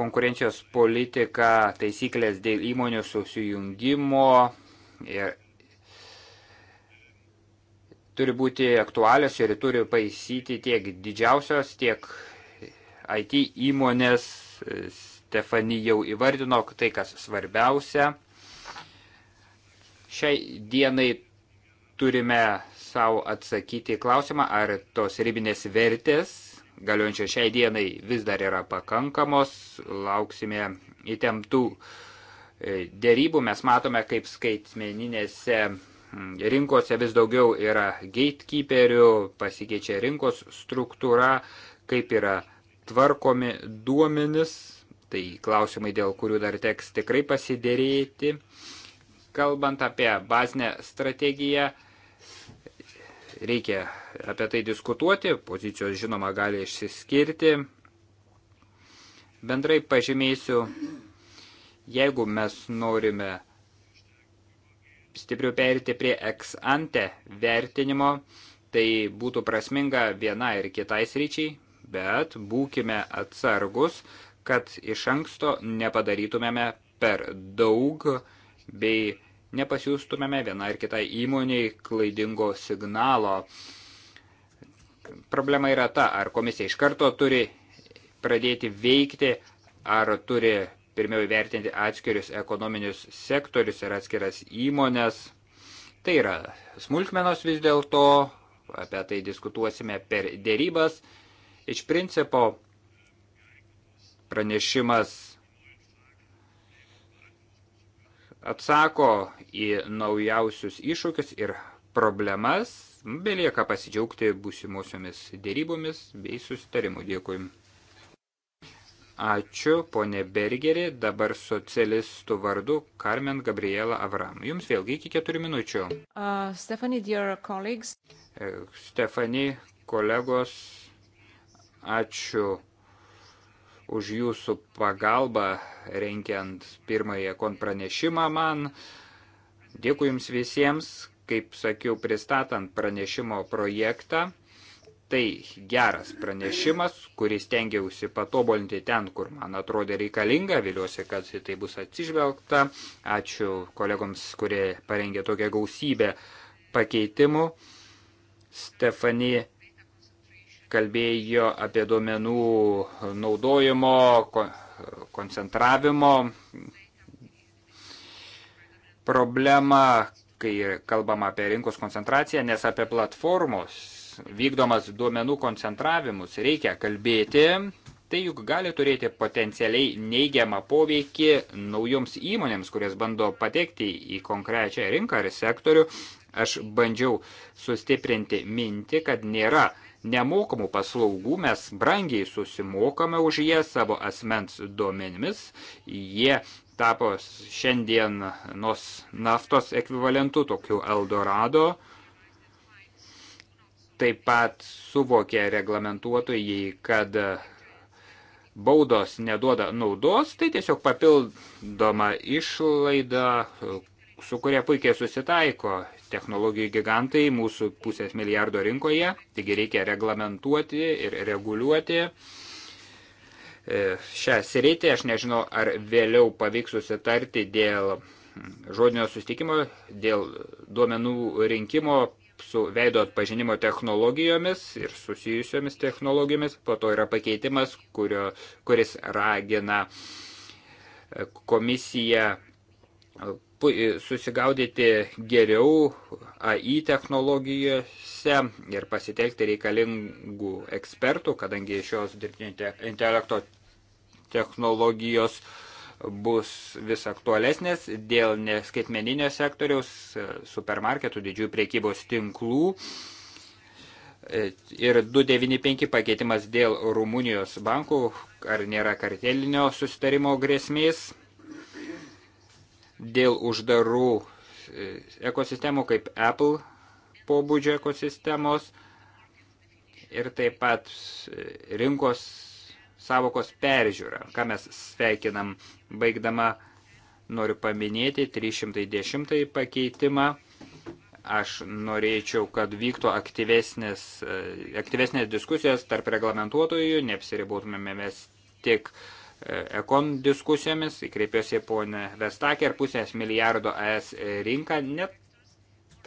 Konkurencijos politika, taisyklės dėl įmonių susijungimo ir turi būti aktualios ir turi paisyti tiek didžiausios, tiek IT įmonės. Stefani jau įvardino tai, kas svarbiausia. Šiai dienai turime savo atsakyti į klausimą, ar tos ribinės vertės galiojančios šiai dienai vis dar yra pakankamos. Lauksime įtemptų e, dėrybų. Mes matome, kaip skaitmeninėse rinkose vis daugiau yra gatekeeperių, pasikeičia rinkos struktūra, kaip yra tvarkomi duomenis. Tai klausimai, dėl kurių dar teks tikrai pasidėrėti. Kalbant apie bazinę strategiją, reikia apie tai diskutuoti, pozicijos žinoma gali išsiskirti. Bendrai pažymėsiu, jeigu mes norime stipriau perėti prie ex ante vertinimo, tai būtų prasminga viena ir kitai sryčiai, bet būkime atsargus, kad iš anksto nepadarytumėme per daug, bei nepasiūstumėme vienai ar kitai įmoniai klaidingo signalo. Problema yra ta, ar komisija iš karto turi pradėti veikti, ar turi pirmiau įvertinti atskirius ekonominius sektorius ir atskiras įmonės. Tai yra smulkmenos vis dėlto, apie tai diskutuosime per dėrybas. Iš principo pranešimas atsako į naujausius iššūkius ir problemas, belieka pasidžiaugti būsimosiomis dėrybomis bei susitarimu. Dėkui. Ačiū, ponė Bergerį, dabar socialistų vardu Carmen Gabriela Avram. Jums vėlgi iki keturių minučių. Uh, Stephanie, dear colleagues. Stephanie, kolegos, ačiū už jūsų pagalbą renkiant pirmąją konpranešimą man. Dėkui jums visiems, kaip sakiau, pristatant pranešimo projektą. Tai geras pranešimas, kuris tengiausi patobulinti ten, kur man atrodė reikalinga. Viliuosi, kad į tai bus atsižvelgta. Ačiū kolegoms, kurie parengė tokią gausybę pakeitimų. Stefanie kalbėjo apie duomenų naudojimo, koncentravimo problemą, kai kalbam apie rinkos koncentraciją, nes apie platformos vykdomas duomenų koncentravimus reikia kalbėti, tai juk gali turėti potencialiai neigiamą poveikį naujoms įmonėms, kurias bando patekti į konkrečią rinką ar sektorių. Aš bandžiau sustiprinti mintį, kad nėra nemokamų paslaugų mes brangiai susimokame už jie savo asmens duomenimis. Jie tapo šiandienos naftos ekvivalentu, tokiu Eldorado. Taip pat suvokė reglamentuotojai, kad baudos neduoda naudos, tai tiesiog papildoma išlaida, su kuria puikiai susitaiko technologijų gigantai mūsų pusės milijardo rinkoje, taigi reikia reglamentuoti ir reguliuoti e, šią sritį. Aš nežinau, ar vėliau pavyks susitarti dėl žodinio sustikimo, dėl duomenų rinkimo su veido atpažinimo technologijomis ir susijusiomis technologijomis. Po to yra pakeitimas, kurio, kuris ragina e, komisiją susigaudyti geriau AI technologijose ir pasitelkti reikalingų ekspertų, kadangi šios dirbtinio intelekto technologijos bus vis aktualesnės dėl neskaitmeninio sektoriaus, supermarketų, didžiųjų priekybos tinklų. Ir 295 pakeitimas dėl Rumunijos bankų, ar nėra kartelinio susitarimo grėsmės dėl uždarų e, ekosistemų kaip Apple pobūdžio ekosistemos ir taip pat e, rinkos savokos peržiūra, ką mes sveikinam baigdama noriu paminėti 310 pakeitimą. Aš norėčiau, kad vyktų aktyvesnės, e, aktyvesnės diskusijos tarp reglamentuotojų, neapsiribūtumėme mes tik uh, ekon diskusijomis, kreipiuosi ponę Vestakį ir pusės milijardo ES rinką net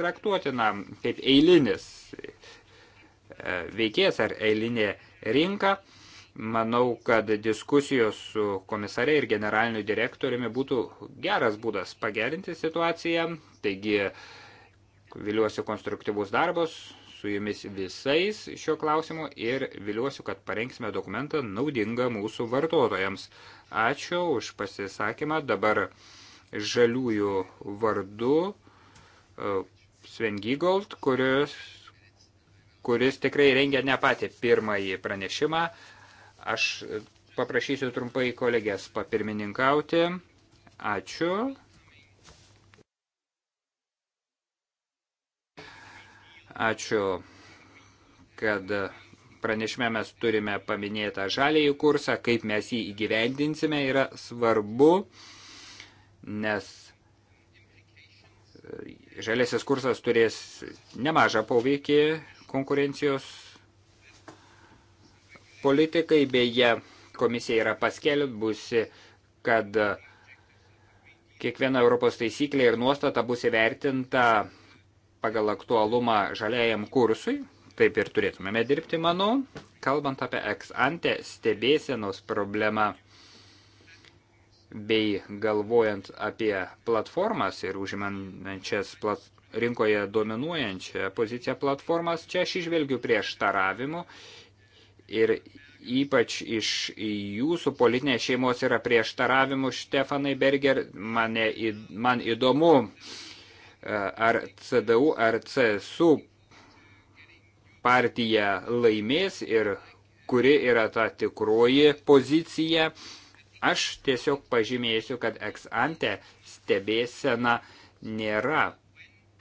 traktuotina kaip eilinis e, veikėjas ar eilinė rinka. Manau, kad diskusijos su komisare ir generaliniu direktoriumi būtų geras būdas pagerinti situaciją. Taigi, viliuosi konstruktyvus darbas su jumis visais šio klausimu ir viliuosiu, kad parengsime dokumentą naudingą mūsų vartotojams. Ačiū už pasisakymą. Dabar žaliųjų vardu e, Sven Gigold, kuris, kuris tikrai rengia ne patį pirmąjį pranešimą. Aš paprašysiu trumpai kolegės papirmininkauti. Ačiū. Ačiū, kad pranešime mes turime paminėtą žalėjį kursą, kaip mes jį įgyvendinsime yra svarbu, nes e, žalėsis kursas turės nemažą poveikį konkurencijos politikai, beje, komisija yra paskelbusi, kad kiekviena Europos taisyklė ir nuostata bus įvertinta pagal aktualumą žaliajam kursui, taip ir turėtumėme dirbti, manau, kalbant apie ex-ante stebėsenos problemą bei galvojant apie platformas ir užimančias plat rinkoje dominuojančią poziciją platformas, čia aš išvelgiu prieštaravimų ir ypač iš jūsų politinės šeimos yra prieštaravimų, Štefanai Berger, mane, man įdomu, ar CDU ar CSU partija laimės ir kuri yra ta tikroji pozicija. Aš tiesiog pažymėsiu, kad ex ante stebėsena nėra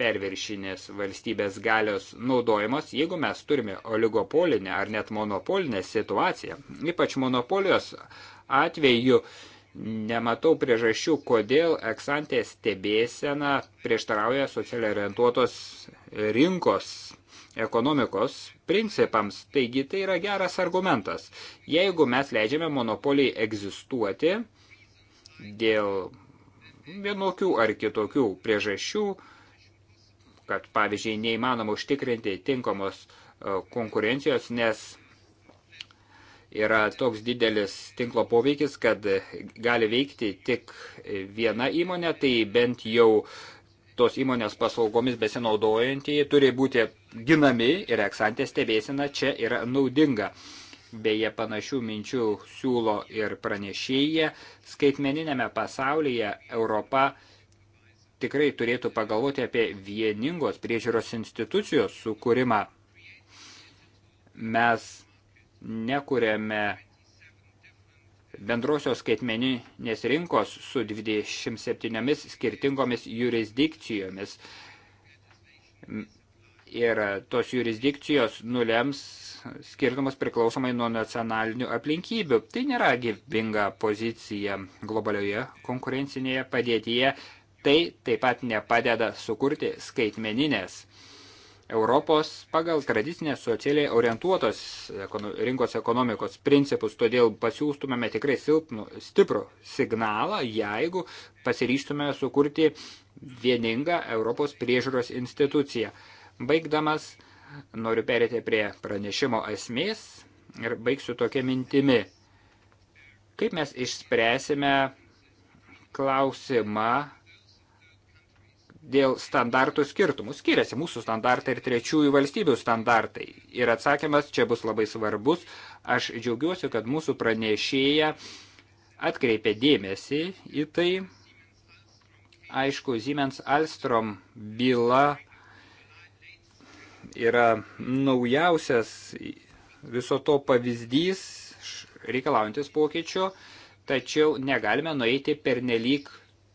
perviršinės valstybės galios naudojimas, jeigu mes turime oligopolinę ar net monopolinę situaciją. Ypač monopolijos atveju nematau priežasčių, kodėl eksantė stebėsena prieštarauja socialiai orientuotos rinkos ekonomikos principams. Taigi tai yra geras argumentas. Jeigu mes leidžiame monopolijai egzistuoti dėl vienokių ar kitokių priežasčių, kad pavyzdžiui neįmanoma užtikrinti tinkamos e, konkurencijos, nes yra toks didelis tinklo poveikis, kad gali veikti tik viena įmonė, tai bent jau tos įmonės paslaugomis besinaudojantieji turi būti ginami ir eksantė stebėsina čia yra naudinga. Beje, panašių minčių siūlo ir pranešėja. Skaitmeninėme pasaulyje Europa tikrai turėtų pagalvoti apie vieningos priežiūros institucijos sukūrimą. Mes nekuriame bendrosios skaitmeninės rinkos su 27 skirtingomis jurisdikcijomis. Ir tos jurisdikcijos nulems skirtumas priklausomai nuo nacionalinių aplinkybių. Tai nėra gyvybinga pozicija globalioje konkurencinėje padėtyje. Tai taip pat nepadeda sukurti skaitmeninės Europos pagal tradicinės socialiai orientuotos rinkos ekonomikos principus, todėl pasiūstumėme tikrai silpnų, stiprų signalą, jeigu pasiryštume sukurti vieningą Europos priežiūros instituciją. Baigdamas, noriu perėti prie pranešimo esmės ir baigsiu tokia mintimi. Kaip mes išspręsime klausimą dėl standartų skirtumų. Skiriasi mūsų standartai ir trečiųjų valstybių standartai. Ir atsakymas čia bus labai svarbus. Aš džiaugiuosi, kad mūsų pranešėja atkreipė dėmesį į tai. Aišku, Siemens Alstrom byla yra naujausias viso to pavyzdys reikalaujantis pokyčio, tačiau negalime nueiti per nelik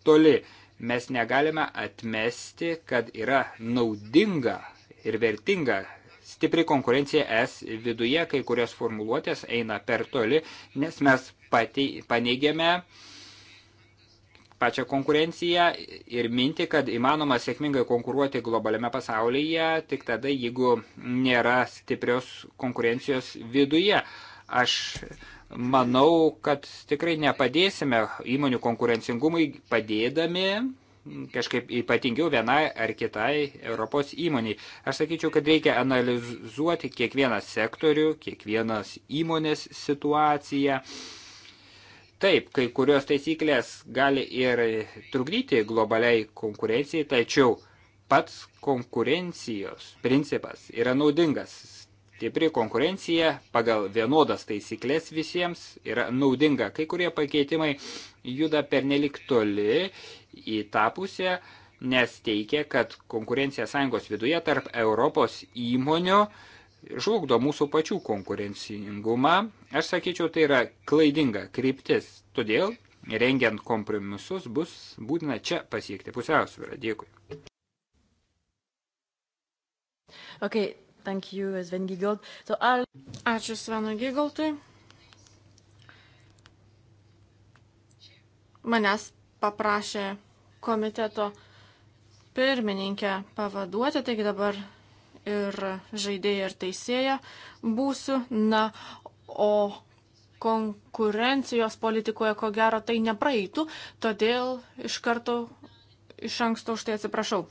toli Mes negalime atmesti, kad yra naudinga ir vertinga stipri konkurencija es viduje, kai kurios formuluotės eina per toli, nes mes patei, paneigėme pačią konkurenciją ir minti, kad įmanoma sėkmingai konkuruoti globaliame pasaulyje tik tada, jeigu nėra stiprios konkurencijos viduje. Aš Manau, kad tikrai nepadėsime įmonių konkurencingumui padėdami kažkaip ypatingiau vienai ar kitai Europos įmoniai. Aš sakyčiau, kad reikia analizuoti kiekvieną sektorių, kiekvienas įmonės situaciją. Taip, kai kurios taisyklės gali ir trukdyti globaliai konkurencijai, tačiau pats konkurencijos principas yra naudingas stipri konkurencija pagal vienodas taisyklės visiems yra naudinga. Kai kurie pakeitimai juda pernelik toli į tą pusę, nes teikia, kad konkurencija sąjungos viduje tarp Europos įmonių žlugdo mūsų pačių konkurencingumą. Aš sakyčiau, tai yra klaidinga kryptis. Todėl, rengiant kompromisus, bus būtina čia pasiekti pusiausvyrą. Dėkui. Okay, Thank you, Sven Giegold. So I'll... Ačiū Svenui Giegoldui. Manęs paprašė komiteto pirmininkę pavaduoti, taigi dabar ir žaidėja, ir teisėja būsiu. Na, o konkurencijos politikoje ko gero tai nepraeitų, todėl iš karto iš anksto už tai atsiprašau.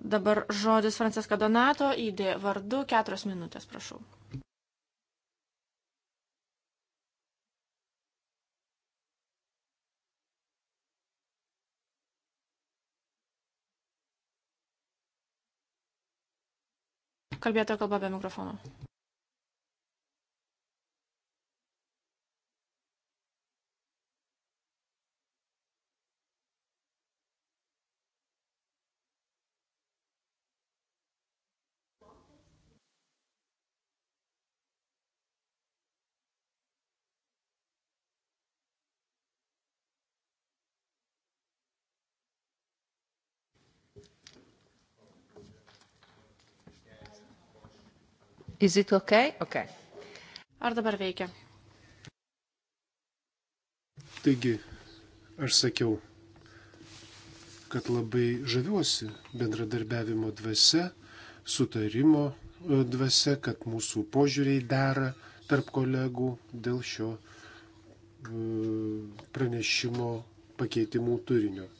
Dabar žodis Franceska Donato, įdė vardu, keturios minutės, prašau. Kalbėtojo kalba be mikrofono. Is it okay? Okay. Ar dabar veikia? Taigi, aš sakiau, kad labai žaviuosi bendradarbiavimo dvasia, sutarimo e, dvasia, kad mūsų požiūriai dera tarp kolegų dėl šio e, pranešimo pakeitimų turinio.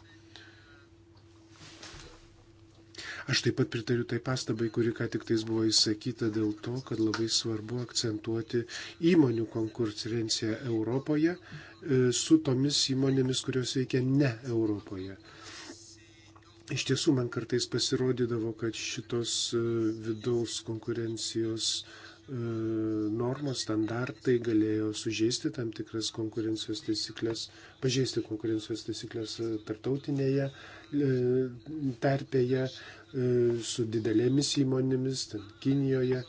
Aš taip pat pritariu tai pastabai, kuri ką tik tais buvo įsakyta dėl to, kad labai svarbu akcentuoti įmonių konkurenciją Europoje e, su tomis įmonėmis, kurios veikia ne Europoje. Iš tiesų man kartais pasirodydavo, kad šitos e, vidaus konkurencijos uh, E, normos standartai galėjo sužeisti tam tikras konkurencijos taisyklės, pažeisti konkurencijos taisyklės e, tartautinėje e, tarpėje su didelėmis įmonėmis, ten Kinijoje,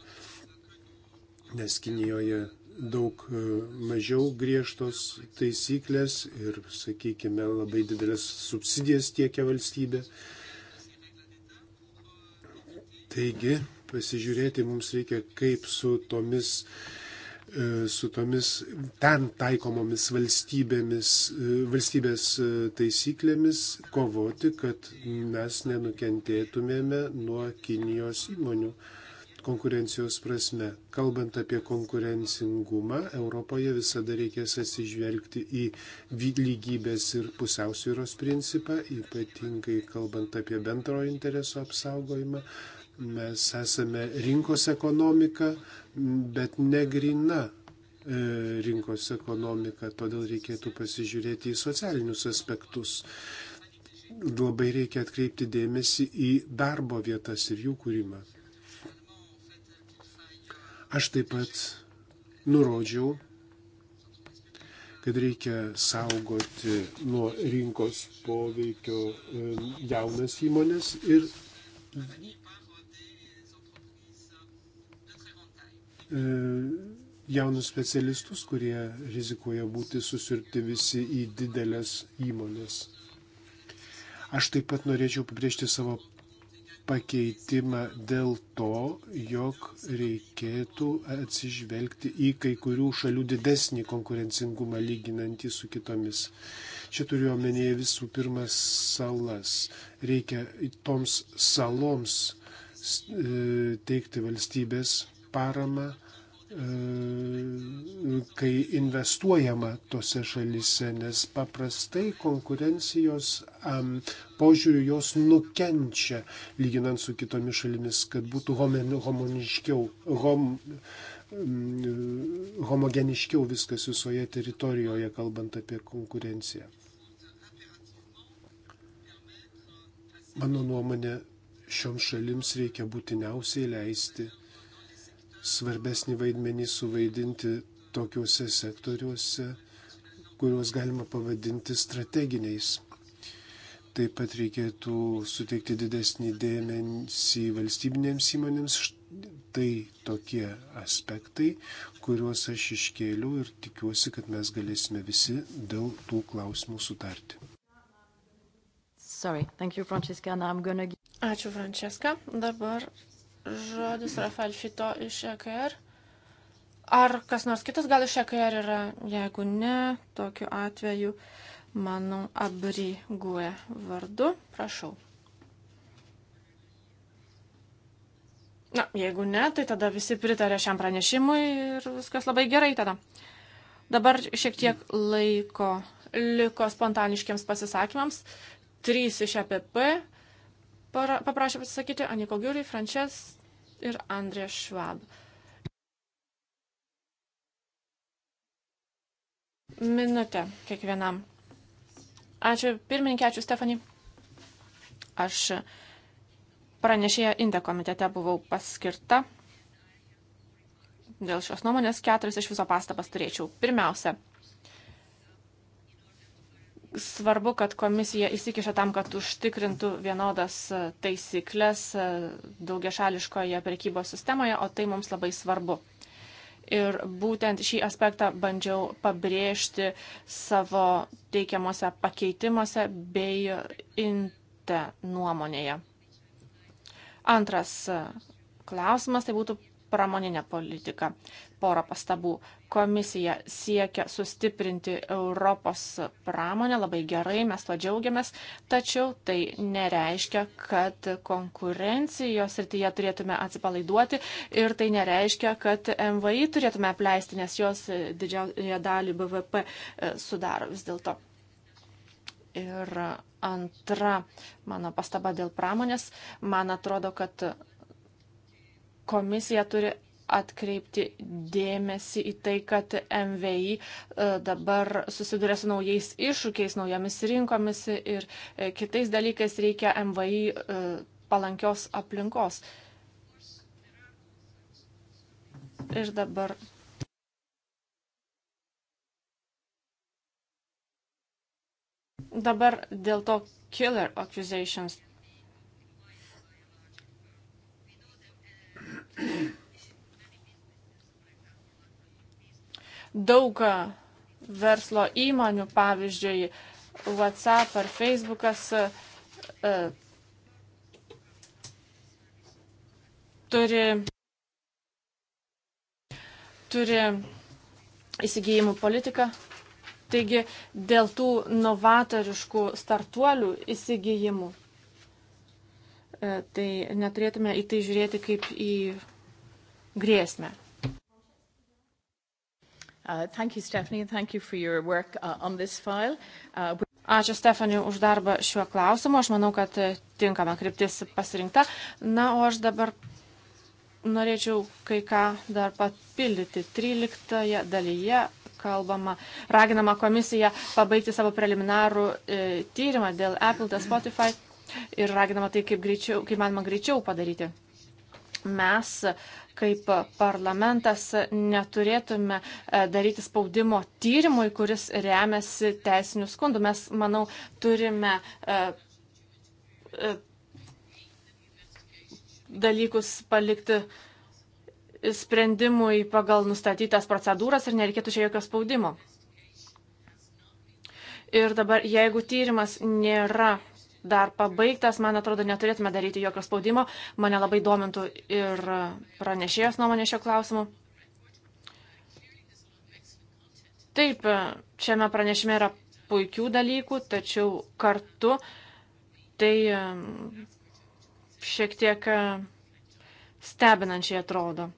nes Kinijoje daug mažiau griežtos taisyklės ir, sakykime, labai didelės subsidijas tiekia valstybė. Taigi, pasižiūrėti mums reikia, kaip su tomis e, su tomis ten taikomomis valstybėmis, e, valstybės e, taisyklėmis kovoti, kad mes nenukentėtumėme nuo Kinijos įmonių konkurencijos prasme. Kalbant apie konkurencingumą, Europoje visada reikės atsižvelgti į lygybės ir pusiausvyros principą, ypatingai kalbant apie bendrojo intereso apsaugojimą. Mes esame rinkos ekonomika, bet negrina e, rinkos ekonomika, todėl reikėtų pasižiūrėti į socialinius aspektus. Labai reikia atkreipti dėmesį į darbo vietas ir jų kūrimą. Aš taip pat nurodžiau, kad reikia saugoti nuo rinkos poveikio e, jaunas įmonės ir E, jaunus specialistus, kurie rizikuoja būti susirpti visi į didelės įmonės. Aš taip pat norėčiau pabrėžti savo pakeitimą dėl to, jog reikėtų atsižvelgti į kai kurių šalių didesnį konkurencingumą lyginantį su kitomis. Čia turiu omenyje visų pirma salas. Reikia toms saloms e, teikti valstybės paramą, e, kai investuojama tose šalise, nes paprastai konkurencijos požiūriu jos nukenčia, lyginant su kitomis šalimis, kad būtų homoniškiau, hom, homogeniškiau viskas visoje teritorijoje, kalbant apie konkurenciją. Mano nuomonė, šioms šalims reikia būtiniausiai leisti svarbesnį vaidmenį suvaidinti tokiuose sektoriuose, kuriuos galima pavadinti strateginiais. Taip pat reikėtų suteikti didesnį dėmesį valstybinėms įmonėms. Tai tokie aspektai, kuriuos aš iškėliau ir tikiuosi, kad mes galėsime visi dėl tų klausimų sutarti. Sorry, thank you, Francesca. Now I'm gonna... Ačiū, Franceska. Dabar žodis Rafael Fito iš EKR. Ar kas nors kitas gal iš EKR yra? Jeigu ne, tokiu atveju, manau, abri guė vardu. Prašau. Na, jeigu ne, tai tada visi pritarė šiam pranešimui ir viskas labai gerai tada. Dabar šiek tiek laiko liko spontaniškiams pasisakymams. Trys iš EPP, para, paprašė pasisakyti Aniko Giuri, Frances ir Andrė Švab. Minutė kiekvienam. Ačiū pirmininkė, ačiū Stefani. Aš pranešėja Inde komitete buvau paskirta. Dėl šios nuomonės keturis iš viso pastabas turėčiau. Pirmiausia, Svarbu, kad komisija įsikiša tam, kad užtikrintų vienodas e, taisyklės e, daugiašališkoje prekybos sistemoje, o tai mums labai svarbu. Ir būtent šį aspektą bandžiau pabrėžti savo teikiamuose pakeitimuose bei inte nuomonėje. Antras e, klausimas tai būtų pramoninė politika. Porą pastabų. Komisija siekia sustiprinti Europos pramonę, labai gerai, mes to džiaugiamės, tačiau tai nereiškia, kad konkurencijos srityje turėtume atsipalaiduoti ir tai nereiškia, kad MVI turėtume apleisti, nes jos didžiąją dalį BVP e, sudaro vis dėlto. Ir antra mano pastaba dėl pramonės, man atrodo, kad komisija turi atkreipti dėmesį į tai, kad MVI e, dabar susiduria su naujais iššūkiais, naujomis rinkomis ir e, kitais dalykais reikia MVI e, palankios aplinkos. Ir dabar Dabar dėl to killer accusations. Daug verslo įmonių, pavyzdžiui, WhatsApp ar Facebookas e, turi, turi įsigijimų politiką. Taigi dėl tų novatoriškų startuolių įsigijimų, e, tai neturėtume į tai žiūrėti kaip į grėsmę. Uh, thank you, Stephanie, and thank you for your work uh, on this file. Uh, Ačiū Stefaniu už darbą šiuo klausimu. Aš manau, kad uh, tinkama kryptis pasirinkta. Na, o aš dabar norėčiau kai ką dar papildyti. 13 dalyje kalbama, raginama komisija pabaigti savo preliminarų e, tyrimą dėl Apple, dėl Spotify ir raginama tai kaip, greičiau, kaip manoma greičiau padaryti mes kaip parlamentas neturėtume e, daryti spaudimo tyrimui, kuris remiasi teisinių skundų. Mes, manau, turime e, e, dalykus palikti sprendimui pagal nustatytas procedūras ir nereikėtų čia jokio spaudimo. Ir dabar, jeigu tyrimas nėra dar pabaigtas, man atrodo, neturėtume daryti jokio spaudimo. Mane labai domintų ir pranešėjas nuomonė šio klausimu. Taip, šiame pranešime yra puikių dalykų, tačiau kartu tai e, šiek tiek e, stebinančiai atrodo.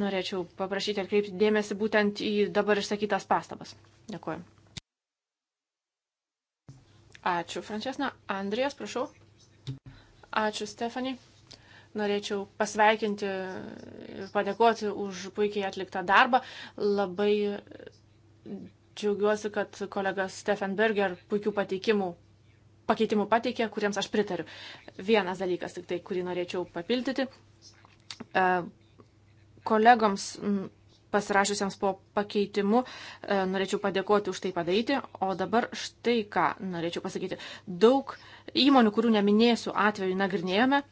Norėčiau paprašyti atkreipti dėmesį būtent į dabar išsakytas pastabas. Dėkuoju. Ačiū, Francesna. Andrijas, prašau. Ačiū, Stefani. Norėčiau pasveikinti ir padėkoti už puikiai atliktą darbą. Labai džiaugiuosi, kad kolega Stefan Berger puikių pateikimų, pakeitimų pateikė, kuriems aš pritariu. Vienas dalykas tik tai, kurį norėčiau papildyti. E, kolegoms pasirašiusiems po pakeitimu. E, norėčiau padėkoti už tai padaryti. O dabar štai ką norėčiau pasakyti. Daug įmonių, kurių neminėsiu atveju, nagrinėjome.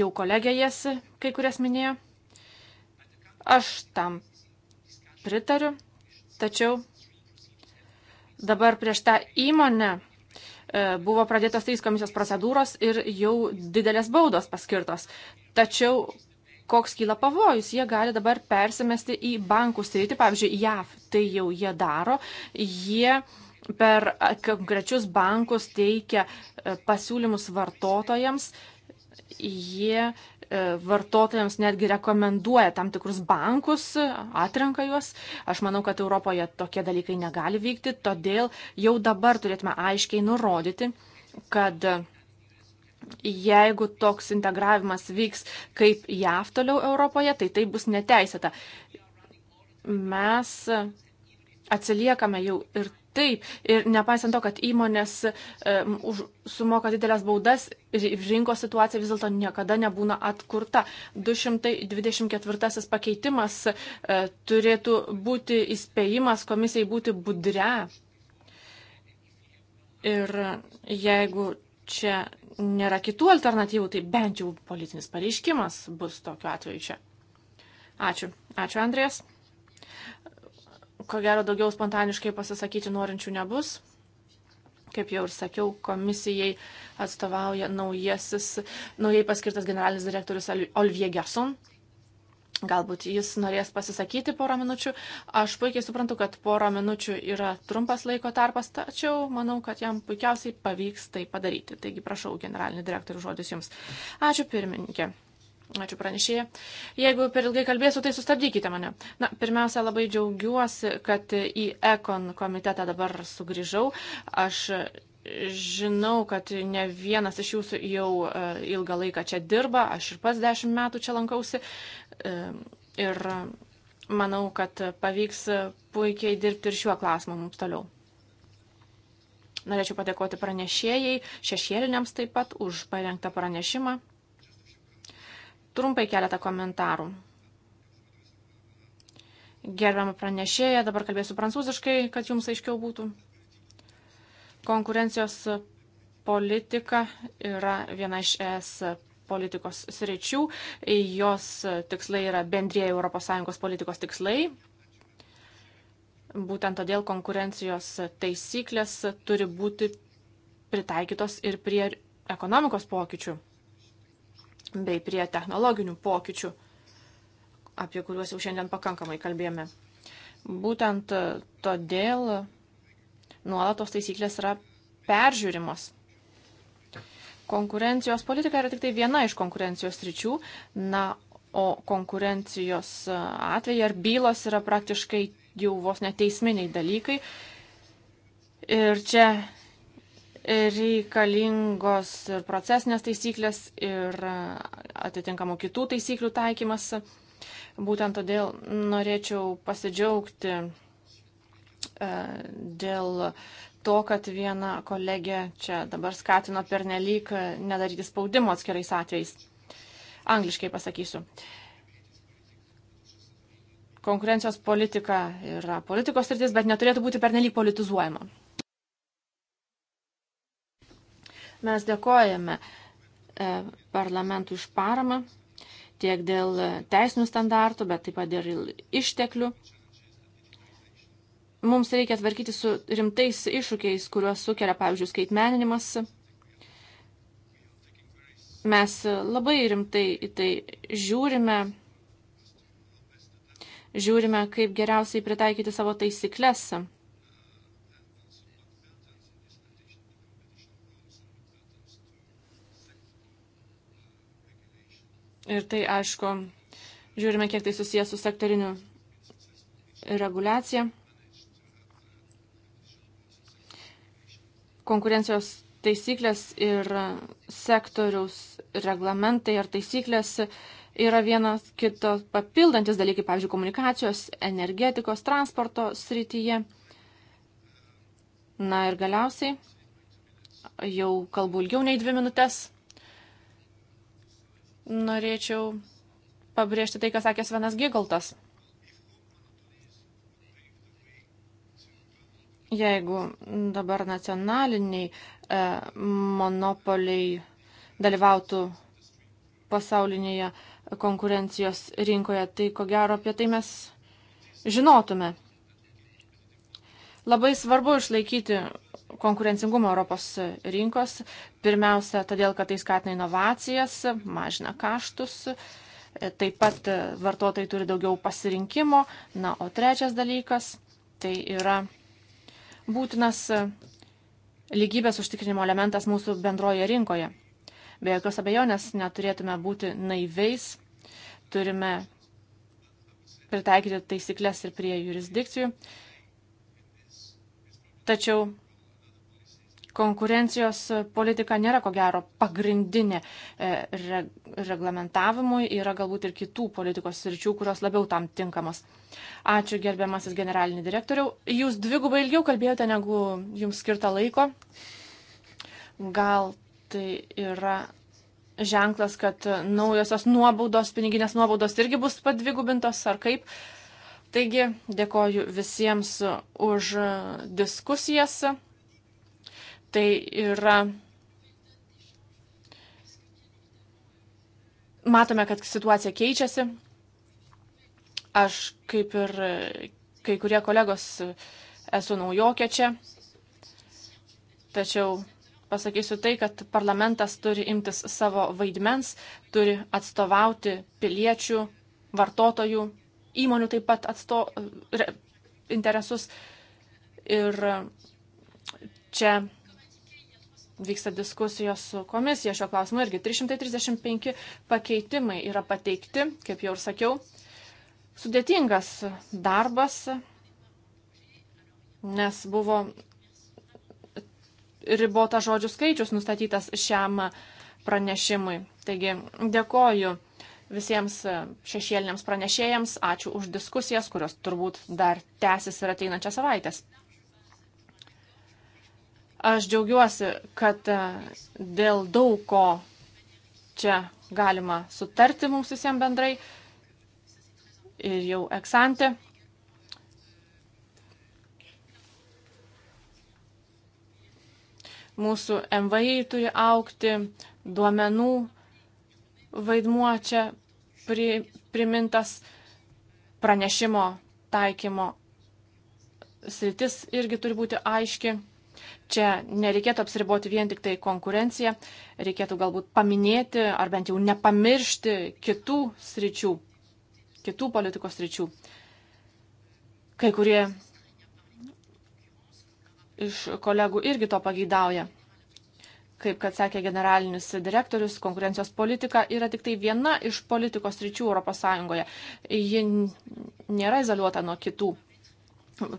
Jau kolegė jas kai kurias minėjo. Aš tam pritariu. Tačiau dabar prieš tą įmonę e, buvo pradėtos trys komisijos procedūros ir jau didelės baudos paskirtos. Tačiau koks kyla pavojus. Jie gali dabar persimesti į bankų sritį, pavyzdžiui, JAV tai jau jie daro. Jie per konkrečius bankus teikia e, pasiūlymus vartotojams. Jie e, vartotojams netgi rekomenduoja tam tikrus bankus, e, atrenka juos. Aš manau, kad Europoje tokie dalykai negali vykti, todėl jau dabar turėtume aiškiai nurodyti, kad jeigu toks integravimas vyks kaip JAV toliau Europoje, tai tai bus neteisėta. Mes atsiliekame jau ir taip. Ir nepaisant to, kad įmonės um, už, sumoka didelės baudas, rinkos situacija vis dėlto niekada nebūna atkurta. 224 pakeitimas uh, turėtų būti įspėjimas komisijai būti budre. Ir jeigu čia nėra kitų alternatyvų, tai bent jau politinis pareiškimas bus tokiu atveju čia. Ačiū. Ačiū, Andrės. Ko gero, daugiau spontaniškai pasisakyti norinčių nebus. Kaip jau ir sakiau, komisijai atstovauja naujasis, naujai paskirtas generalinis direktorius Olivier Gerson. Galbūt jis norės pasisakyti porą minučių. Aš puikiai suprantu, kad porą minučių yra trumpas laiko tarpas, tačiau manau, kad jam puikiausiai pavyks tai padaryti. Taigi prašau, generalinį direktorių žodis jums. Ačiū pirmininkė. Ačiū pranešėje. Jeigu per ilgai kalbėsiu, tai sustabdykite mane. Na, pirmiausia, labai džiaugiuosi, kad į Ekon komitetą dabar sugrįžau. Aš Žinau, kad ne vienas iš jūsų jau e, ilgą laiką čia dirba, aš ir pas dešimt metų čia lankausi. E, ir manau, kad pavyks puikiai dirbti ir šiuo klausimu mums toliau. Norėčiau padėkoti pranešėjai, šešėliniams taip pat už parengtą pranešimą. Trumpai keletą komentarų. Gerbiamą pranešėją, dabar kalbėsiu prancūziškai, kad jums aiškiau būtų. Konkurencijos politika yra viena iš ES politikos sričių. Jos tikslai yra bendrieji ES politikos tikslai. Būtent todėl konkurencijos taisyklės turi būti pritaikytos ir prie ekonomikos pokyčių bei prie technologinių pokyčių, apie kuriuos jau šiandien pakankamai kalbėjome. Būtent todėl nuolatos taisyklės yra peržiūrimos. Konkurencijos politika yra tik tai viena iš konkurencijos ryčių, na, o konkurencijos e, atvejai ar bylos yra praktiškai jau vos neteisminiai dalykai. Ir čia reikalingos ir procesinės taisyklės, ir e, atitinkamų kitų taisyklių taikymas. Būtent todėl norėčiau pasidžiaugti E, dėl to, kad viena kolegė čia dabar skatino pernelyg nedaryti spaudimo atskirais atvejais. Angliškai pasakysiu. Konkurencijos politika yra politikos sritis, bet neturėtų būti pernelyg politizuojama. Mes dėkojame e, parlamentui už paramą tiek dėl teisinių standartų, bet taip pat ir išteklių mums reikia tvarkyti su rimtais iššūkiais, kuriuos sukelia, pavyzdžiui, skaitmeninimas. Mes labai rimtai į tai žiūrime, žiūrime, kaip geriausiai pritaikyti savo taisyklės. Ir tai, aišku, žiūrime, kiek tai susijęs su sektoriniu reguliacija. konkurencijos taisyklės ir sektoriaus reglamentai ar taisyklės yra vienas kito papildantis dalykai, pavyzdžiui, komunikacijos, energetikos, transporto srityje. Na ir galiausiai, jau kalbu ilgiau nei dvi minutės, norėčiau pabrėžti tai, ką sakė Svenas Gigaltas. Jeigu dabar nacionaliniai e, monopoliai dalyvautų pasaulinėje konkurencijos rinkoje, tai ko gero apie tai mes žinotume. Labai svarbu išlaikyti konkurencingumą Europos rinkos, pirmiausia, todėl, kad tai skatina inovacijas, mažina kaštus, e, taip pat vartotojai turi daugiau pasirinkimo, na, o trečias dalykas tai yra būtinas e, lygybės užtikrinimo elementas mūsų bendroje rinkoje. Be jokios abejonės neturėtume būti naiviais, turime pritaikyti taisyklės ir prie jurisdikcijų. Tačiau konkurencijos politika nėra ko gero pagrindinė e, re, reglamentavimui, yra galbūt ir kitų politikos sričių, kurios labiau tam tinkamos. Ačiū gerbiamasis generalinį direktoriau. Jūs dvigubai ilgiau kalbėjote, negu jums skirta laiko. Gal tai yra ženklas, kad naujosios nuobaudos, piniginės nuobaudos irgi bus padvigubintos ar kaip. Taigi, dėkoju visiems už diskusijas. Tai yra. Matome, kad situacija keičiasi. Aš kaip ir kai kurie kolegos esu naujokė čia. Tačiau pasakysiu tai, kad parlamentas turi imtis savo vaidmens, turi atstovauti piliečių, vartotojų, įmonių taip pat atsto, re, interesus. Ir čia vyksta diskusijos su komisija šio klausimu irgi 335 pakeitimai yra pateikti, kaip jau ir sakiau. Sudėtingas darbas, nes buvo ribota žodžių skaičius nustatytas šiam pranešimui. Taigi dėkoju visiems šešėliniams pranešėjams, ačiū už diskusijas, kurios turbūt dar tęsis ir ateinančią savaitę. Aš džiaugiuosi, kad e, dėl daug ko čia galima sutarti mums visiems bendrai ir jau eksantė. Mūsų MVI turi aukti, duomenų vaidmuo čia pri, primintas pranešimo taikymo sritis irgi turi būti aiški. Čia nereikėtų apsiriboti vien tik tai konkurencija, reikėtų galbūt paminėti ar bent jau nepamiršti kitų sričių, kitų politikos sričių. Kai kurie iš kolegų irgi to pageidauja. Kaip kad sakė generalinis direktorius, konkurencijos politika yra tik tai viena iš politikos ryčių ES. Ji nėra izoliuota nuo kitų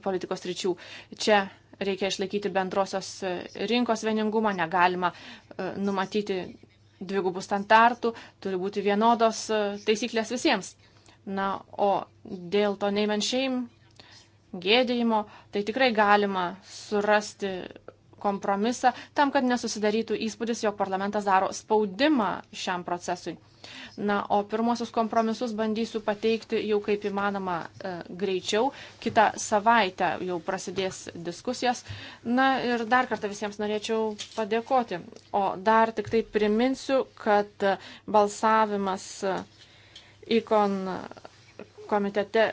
politikos ryčių. Čia reikia išlaikyti bendrosios e, rinkos vieningumą, negalima e, numatyti dvigubų standartų, turi būti vienodos e, taisyklės visiems. Na, o dėl to neimenšėjim gėdėjimo, tai tikrai galima surasti kompromisą, tam, kad nesusidarytų įspūdis, jog parlamentas daro spaudimą šiam procesui. Na, o pirmosius kompromisus bandysiu pateikti jau kaip įmanoma e, greičiau. Kita savaitė jau prasidės diskusijos. Na ir dar kartą visiems norėčiau padėkoti. O dar tik tai priminsiu, kad balsavimas e, ikon komitete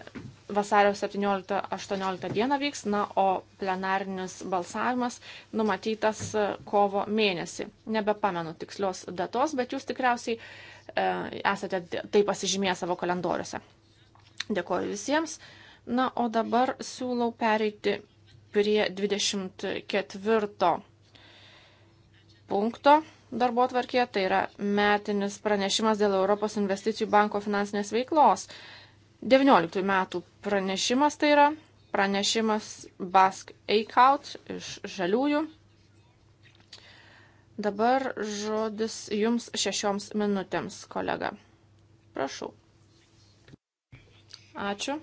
vasario 17-18 dieną vyks, na, o plenarinis balsavimas numatytas e, kovo mėnesį. Nebepamenu tikslios datos, bet jūs tikriausiai e, esate tai pasižymėję savo kalendoriuose. Dėkoju visiems. Na, o dabar siūlau pereiti prie 24 punkto darbo atvarkė, tai yra metinis pranešimas dėl Europos investicijų banko finansinės veiklos. E, 19 metų pranešimas tai yra, pranešimas Bask Eikaut iš Žaliųjų. Dabar žodis jums šešioms minutėms, kolega. Prašau. Ačiū.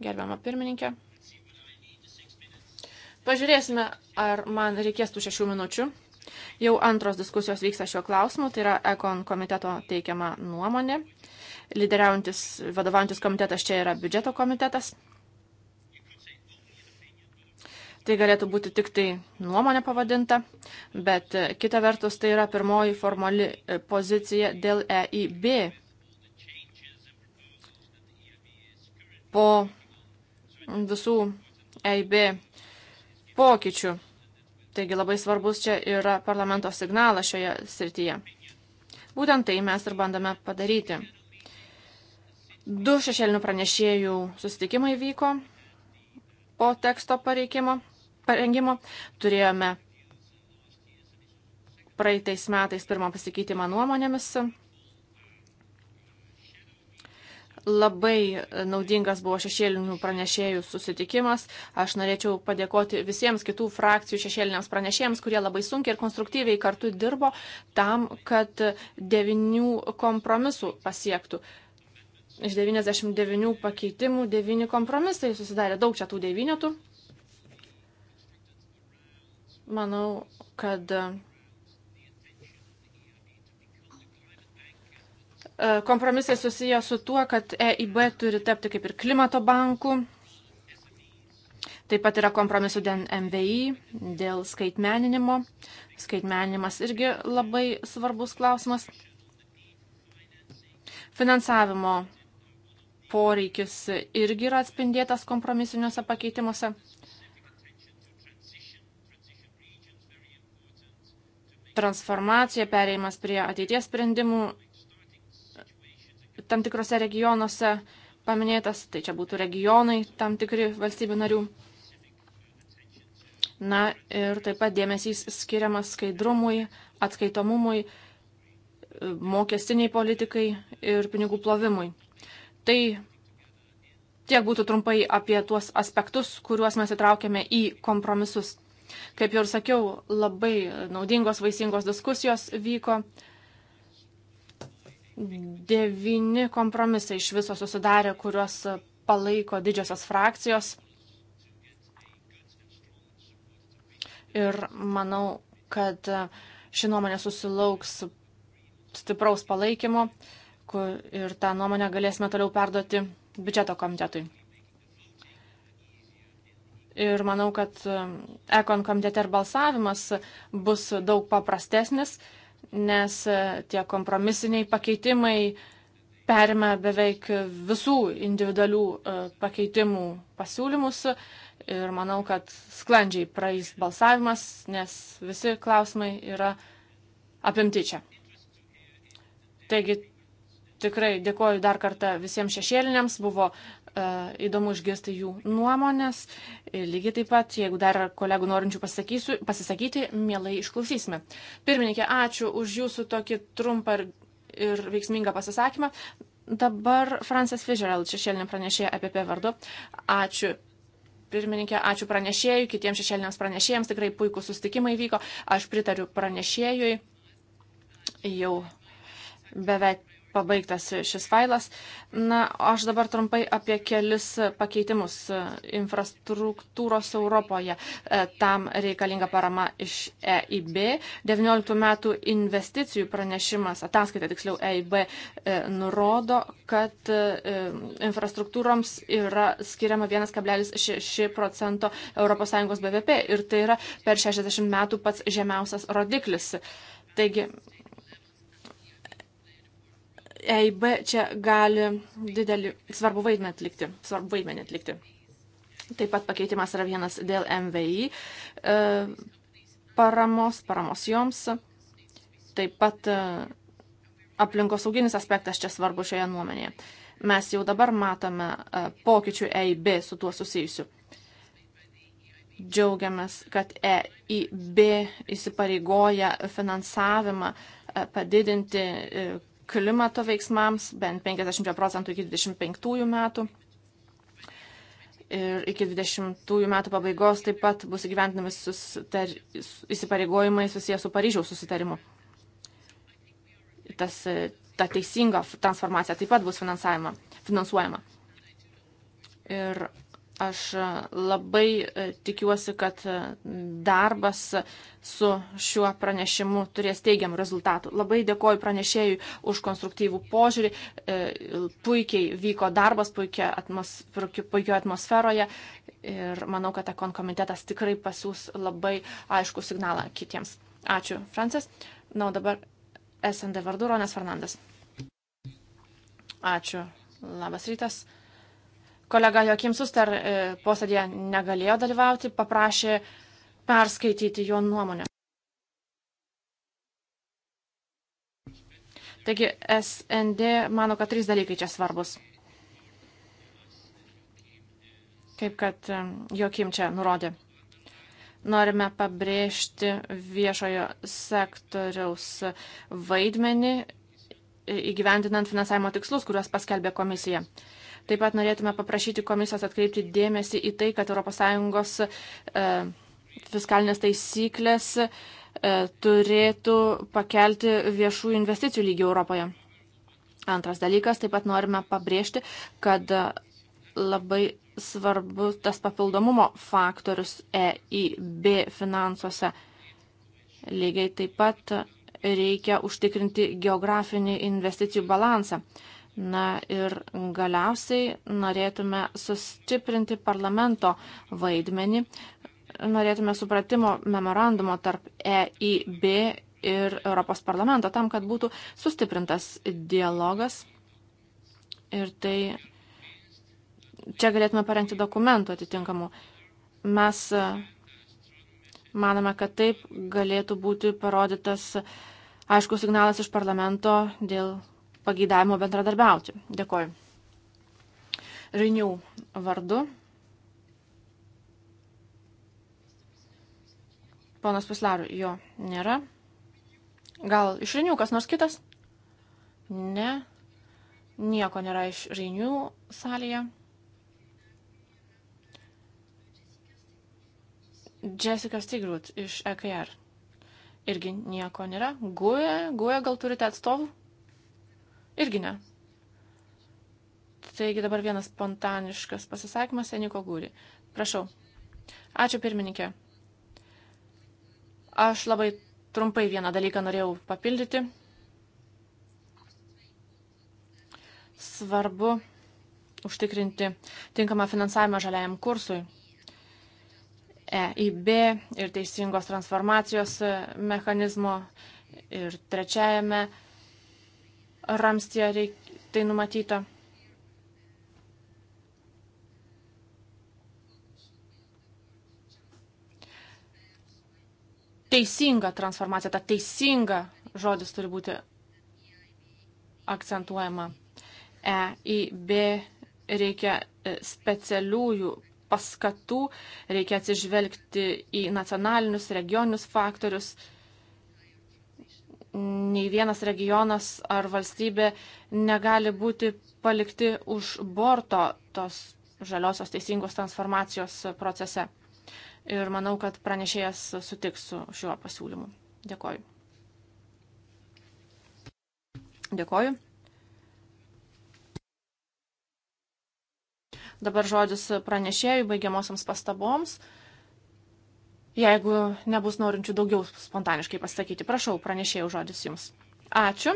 Gerbiama pirmininkė. Pažiūrėsime, ar man reikės tų šešių minučių. Jau antros diskusijos vyksta šiuo klausimu, tai yra Ekon komiteto teikiama nuomonė lyderiaujantis, vadovaujantis komitetas čia yra biudžeto komitetas. Tai galėtų būti tik tai nuomonė pavadinta, bet e, kita vertus tai yra pirmoji formali e, pozicija dėl EIB. Po visų EIB pokyčių. Taigi labai svarbus čia yra parlamento signalas šioje srityje. Būtent tai mes ir bandome padaryti. Du šešėlinių pranešėjų susitikimai vyko po teksto parengimo. Turėjome praeitais metais pirmą pasikeitimą nuomonėmis. Labai naudingas buvo šešėlinių pranešėjų susitikimas. Aš norėčiau padėkoti visiems kitų frakcijų šešėliniams pranešėjams, kurie labai sunkiai ir konstruktyviai kartu dirbo tam, kad devinių kompromisų pasiektų. Iš 99 pakeitimų 9 kompromisai susidarė daug čia tų devynetų. Manau, kad e, kompromisai susiję su tuo, kad EIB turi tapti kaip ir klimato bankų. Taip pat yra kompromisų dėl MVI, dėl skaitmeninimo. Skaitmeninimas irgi labai svarbus klausimas. Finansavimo poreikis irgi yra atspindėtas kompromisiniuose pakeitimuose. Transformacija, pereimas prie ateities sprendimų tam tikrose regionuose paminėtas, tai čia būtų regionai tam tikri valstybių narių. Na ir taip pat dėmesys skiriamas skaidrumui, atskaitomumui, mokestiniai politikai ir pinigų plovimui. Tai tiek būtų trumpai apie tuos aspektus, kuriuos mes įtraukėme į kompromisus. Kaip jau ir sakiau, labai naudingos, vaisingos diskusijos vyko. Devini kompromisai iš viso susidarė, kuriuos palaiko didžiosios frakcijos. Ir manau, kad ši nuomonė susilauks stipraus palaikymo. Uh, ir tą nuomonę galėsime toliau perduoti biudžeto komitetui. Ir manau, kad um, ekon komitete ir balsavimas bus daug paprastesnis, nes e, tie kompromisiniai pakeitimai perima beveik visų individualių e, pakeitimų pasiūlymus. Ir manau, kad sklandžiai praeis balsavimas, nes visi klausimai yra apimti čia. Taigi Tikrai dėkoju dar kartą visiems šešėliniams, buvo e, įdomu išgirsti jų nuomonės. Ir lygiai taip pat, jeigu dar kolegų norinčių pasisakyti, mielai išklausysime. Pirmininkė, ačiū už jūsų tokį trumpą ir, ir veiksmingą pasisakymą. Dabar Francis Fitzgerald šešėlinė pranešėja apie P vardu. Ačiū pirmininkė, ačiū pranešėjui, kitiems šešėliniams pranešėjams, tikrai puikų sustikimai vyko, aš pritariu pranešėjui, jau beveik pabaigtas šis failas. Na, aš dabar trumpai apie kelis pakeitimus infrastruktūros Europoje. E, tam reikalinga parama iš EIB. 19 metų investicijų pranešimas, ataskaita tiksliau EIB, e, nurodo, kad e, infrastruktūroms yra skiriama 1,6 procento ES BVP ir tai yra per 60 metų pats žemiausias rodiklis. Taigi, EIB čia gali didelį svarbų vaidmenį atlikti. Svarbų vaidmenį atlikti. Taip pat pakeitimas yra vienas dėl MVI e, paramos, paramos joms. Taip pat e, aplinkosauginis aspektas čia svarbu šioje nuomenėje. Mes jau dabar matome e, pokyčių EIB su tuo susijusiu. Džiaugiamės, kad EIB įsipareigoja finansavimą padidinti klimato veiksmams bent 50 procentų iki 25 metų. Ir iki 20 metų pabaigos taip pat bus įgyventinami susitar... įsipareigojimai susijęs su Paryžiaus susitarimu. Tas, e, ta teisinga transformacija taip pat bus finansuojama. Ir Aš e, labai e, tikiuosi, kad e, darbas su šiuo pranešimu turės teigiamų rezultatų. Labai dėkoju pranešėjui už konstruktyvų požiūrį. Puikiai vyko darbas, puikioje atmosfer, atmosferoje ir manau, kad ekon komitetas tikrai pasiūs labai aišku signalą kitiems. Ačiū, Francis. Na, o dabar SND vardu Ronas Fernandas. Ačiū. Labas rytas. Kolega Jokim Suster e, posėdėje negalėjo dalyvauti, paprašė perskaityti jo nuomonę. Taigi SND mano, kad trys dalykai čia svarbus. Kaip kad e, Jokim čia nurodė. Norime pabrėžti viešojo sektoriaus vaidmenį e, įgyvendinant finansavimo tikslus, kuriuos paskelbė komisija. Taip pat norėtume paprašyti komisijos atkreipti dėmesį į tai, kad ES e, fiskalinės taisyklės e, turėtų pakelti viešų investicijų lygį Europoje. Antras dalykas, taip pat norime pabrėžti, kad labai svarbu tas papildomumo faktorius EIB finansuose. Lygiai taip pat reikia užtikrinti geografinį investicijų balansą. Na ir galiausiai norėtume sustiprinti parlamento vaidmenį, norėtume supratimo memorandumo tarp EIB ir Europos parlamento tam, kad būtų sustiprintas dialogas. Ir tai čia galėtume parengti dokumentų atitinkamų. Mes e, manome, kad taip galėtų būti parodytas aiškus signalas iš parlamento dėl pageidavimo bendradarbiauti. Dėkoju. Renew vardu. Ponas Puslarų, jo nėra. Gal iš Renew kas nors kitas? Ne. Nieko nėra iš Renew salėje. Jessica Stigrut iš EKR. Irgi nieko nėra. Guja, Guja gal turite atstovų? Irgi ne. Taigi dabar vienas spontaniškas pasisakymas Eniko Gūri. Prašau. Ačiū pirmininkė. Aš labai trumpai vieną dalyką norėjau papildyti. Svarbu užtikrinti tinkamą finansavimą žaliajam kursui. EIB ir teisingos transformacijos mechanizmo ir trečiajame ramstie reik, tai numatyta. Teisinga transformacija, ta teisinga žodis turi būti akcentuojama. EIB reikia e, specialiųjų paskatų, reikia atsižvelgti į nacionalinius, regioninius faktorius, nei vienas regionas ar valstybė negali būti palikti už borto tos žaliosios teisingos transformacijos procese. Ir manau, kad pranešėjas sutiks su šiuo pasiūlymu. Dėkoju. Dėkoju. Dabar žodis pranešėjui baigiamosiams pastaboms jeigu nebus norinčių daugiau spontaniškai pasakyti. Prašau, pranešėjau žodis jums. Ačiū.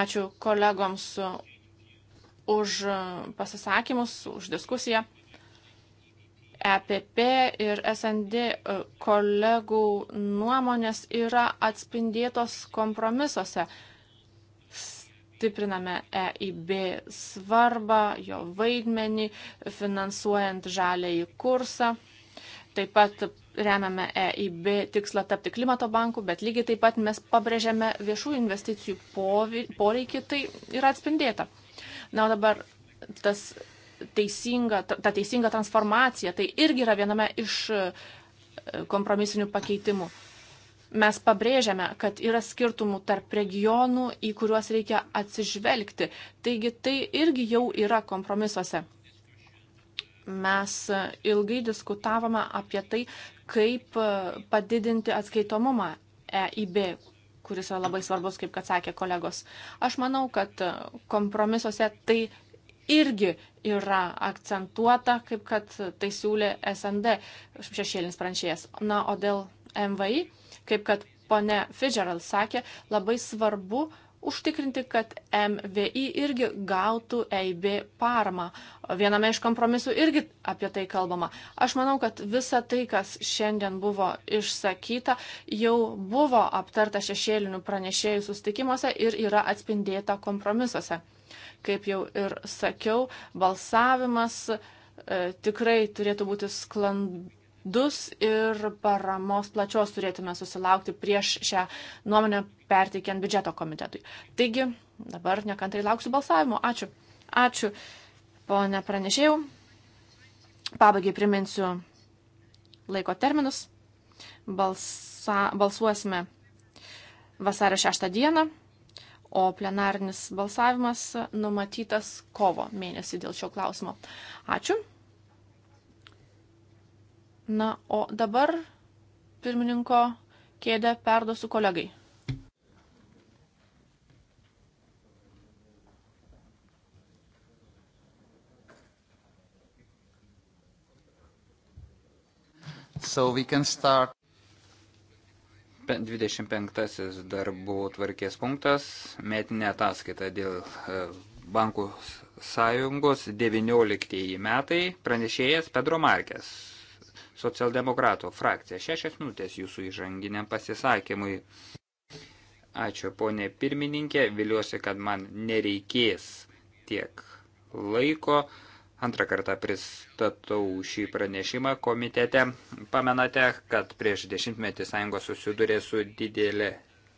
Ačiū kolegoms už pasisakymus, už diskusiją. EPP ir SND kolegų nuomonės yra atspindėtos kompromisuose. Stipriname EIB svarbą, jo vaidmenį, finansuojant žalę į kursą. Taip pat remiame EIB tikslą tapti klimato banku, bet lygiai taip pat mes pabrėžiame viešų investicijų poreikį, tai yra atspindėta. Na, o dabar tas teisinga, ta teisinga transformacija, tai irgi yra viename iš e, kompromisinių pakeitimų. Mes pabrėžiame, kad yra skirtumų tarp regionų, į kuriuos reikia atsižvelgti. Taigi tai irgi jau yra kompromisuose. Mes ilgai diskutavome apie tai, kaip padidinti atskaitomumą EIB, kuris yra labai svarbus, kaip kad sakė kolegos. Aš manau, kad kompromisuose tai irgi yra akcentuota, kaip kad tai siūlė SND šešėlinis pranešėjas. Na, o dėl MVI, kaip kad ponė Fidžeral sakė, labai svarbu uh, užtikrinti, kad MVI irgi gautų EIB paramą. Viename iš kompromisų irgi apie tai kalbama. Aš manau, kad visa tai, kas šiandien buvo išsakyta, jau buvo aptarta šešėlinių pranešėjų sustikimuose ir yra atspindėta kompromisuose. Kaip jau ir sakiau, balsavimas e, tikrai turėtų būti sklandus dus ir paramos plačios turėtume susilaukti prieš šią nuomonę perteikiant biudžeto komitetui. Taigi, dabar nekantrai lauksiu balsavimo. Ačiū. Ačiū, ponė pranešėjau. Pabaigai priminsiu laiko terminus. Balsa, balsuosime vasario 6 dieną, o plenarinis balsavimas numatytas kovo mėnesį dėl šio klausimo. Ačiū. Na, o dabar pirmininko kėdę perduosiu kolegai. So we can start. 25 darbų tvarkės punktas, metinė ataskaita dėl e, bankų sąjungos 19 metai, pranešėjas Pedro Markės socialdemokratų frakcija. Šešias minutės jūsų įžanginiam pasisakymui. Ačiū, ponė pirmininkė. Viliuosi, kad man nereikės tiek laiko. Antrą kartą pristatau šį pranešimą komitete. Pamenate, kad prieš dešimtmetį sąjunga susidurė su didelė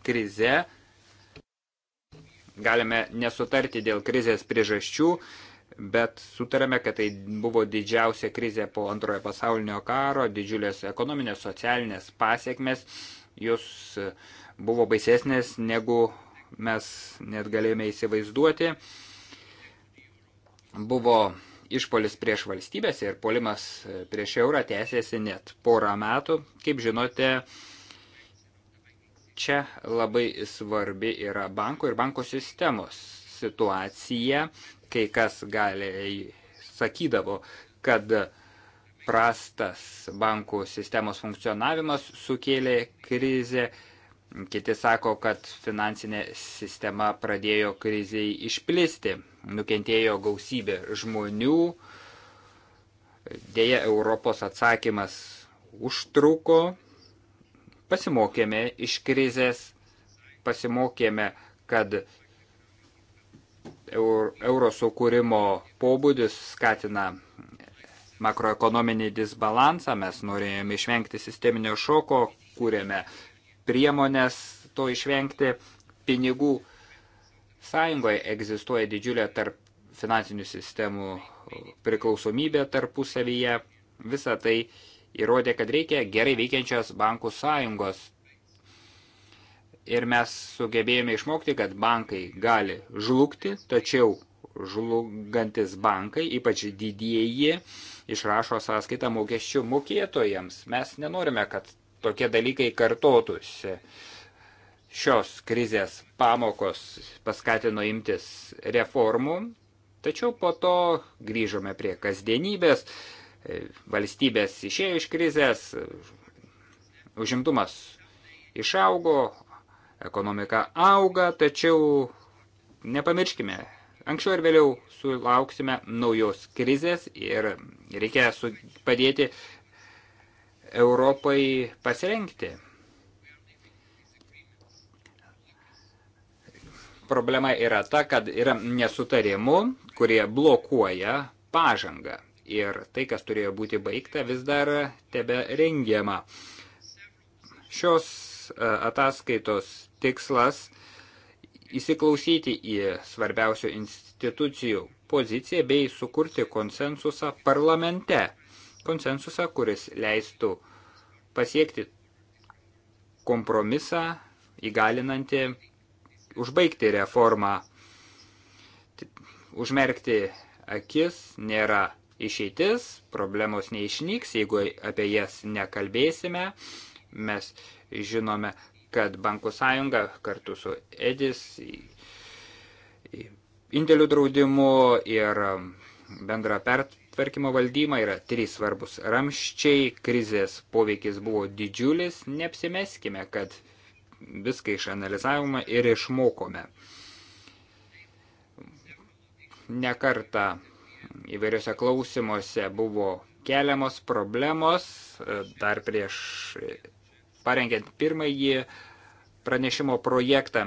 krize. Galime nesutarti dėl krizės priežasčių, bet sutarėme, kad tai buvo didžiausia krizė po antrojo pasaulinio karo, didžiulės ekonominės, socialinės pasiekmes, jos e, buvo baisesnės negu mes net galėjome įsivaizduoti. Buvo išpolis prieš valstybės ir polimas e, prieš eurą tęsėsi net porą metų. Kaip žinote, čia labai svarbi yra banko ir banko sistemos situacija kai kas gali sakydavo, kad prastas bankų sistemos funkcionavimas sukėlė krizę, kiti sako, kad finansinė sistema pradėjo kriziai išplisti, nukentėjo gausybė žmonių, dėja Europos atsakymas užtruko, pasimokėme iš krizės, pasimokėme, kad euro sukūrimo pobūdis skatina makroekonominį disbalansą, mes norėjome išvengti sisteminio šoko, kūrėme priemonės to išvengti, pinigų sąjungoje egzistuoja didžiulė tarp finansinių sistemų priklausomybė tarpusavyje, visa tai įrodė, kad reikia gerai veikiančios bankų sąjungos, ir mes sugebėjome išmokti, kad bankai gali žlugti, tačiau žlugantis bankai, ypač didieji, išrašo sąskaitą mokesčių mokėtojams. Mes nenorime, kad tokie dalykai kartotųsi. Šios krizės pamokos paskatino imtis reformų, tačiau po to grįžome prie kasdienybės, valstybės išėjo iš krizės, užimtumas išaugo, ekonomika auga, tačiau nepamirškime, anksčiau ar vėliau sulauksime naujos krizės ir reikia padėti Europai pasirengti. Problema yra ta, kad yra nesutarimų, kurie blokuoja pažangą. Ir tai, kas turėjo būti baigta, vis dar tebe rengiama. Šios e, ataskaitos tikslas įsiklausyti į svarbiausių institucijų poziciją bei sukurti konsensusą parlamente. Konsensusą, kuris leistų pasiekti kompromisą, įgalinantį užbaigti reformą, užmerkti akis nėra išeitis, problemos neišnyks, jeigu apie jas nekalbėsime. Mes žinome, kad Bankų sąjunga kartu su Edis, indėlių draudimu ir bendra pertvarkymo valdyma yra trys svarbus ramščiai, krizės poveikis buvo didžiulis, neapsimeskime, kad viską išanalizavome ir išmokome. Nekarta įvairiose klausimuose buvo keliamos problemos dar prieš parengiant pirmąjį pranešimo projektą.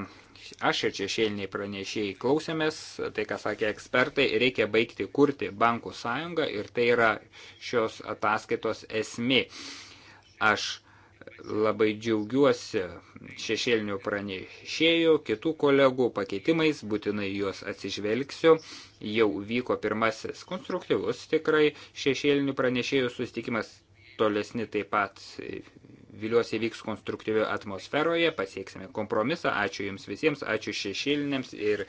Aš ir šešėliniai pranešėjai klausėmės, tai ką sakė ekspertai, reikia baigti kurti bankų sąjungą ir tai yra šios ataskaitos esmė. Aš labai džiaugiuosi šešėlinių pranešėjų, kitų kolegų pakeitimais, būtinai juos atsižvelgsiu. Jau vyko pirmasis konstruktyvus tikrai šešėlinių pranešėjų susitikimas, tolesni taip pat viliuosi vyks konstruktyvioje atmosferoje, pasieksime kompromisą. Ačiū Jums visiems, ačiū šešėlinėms ir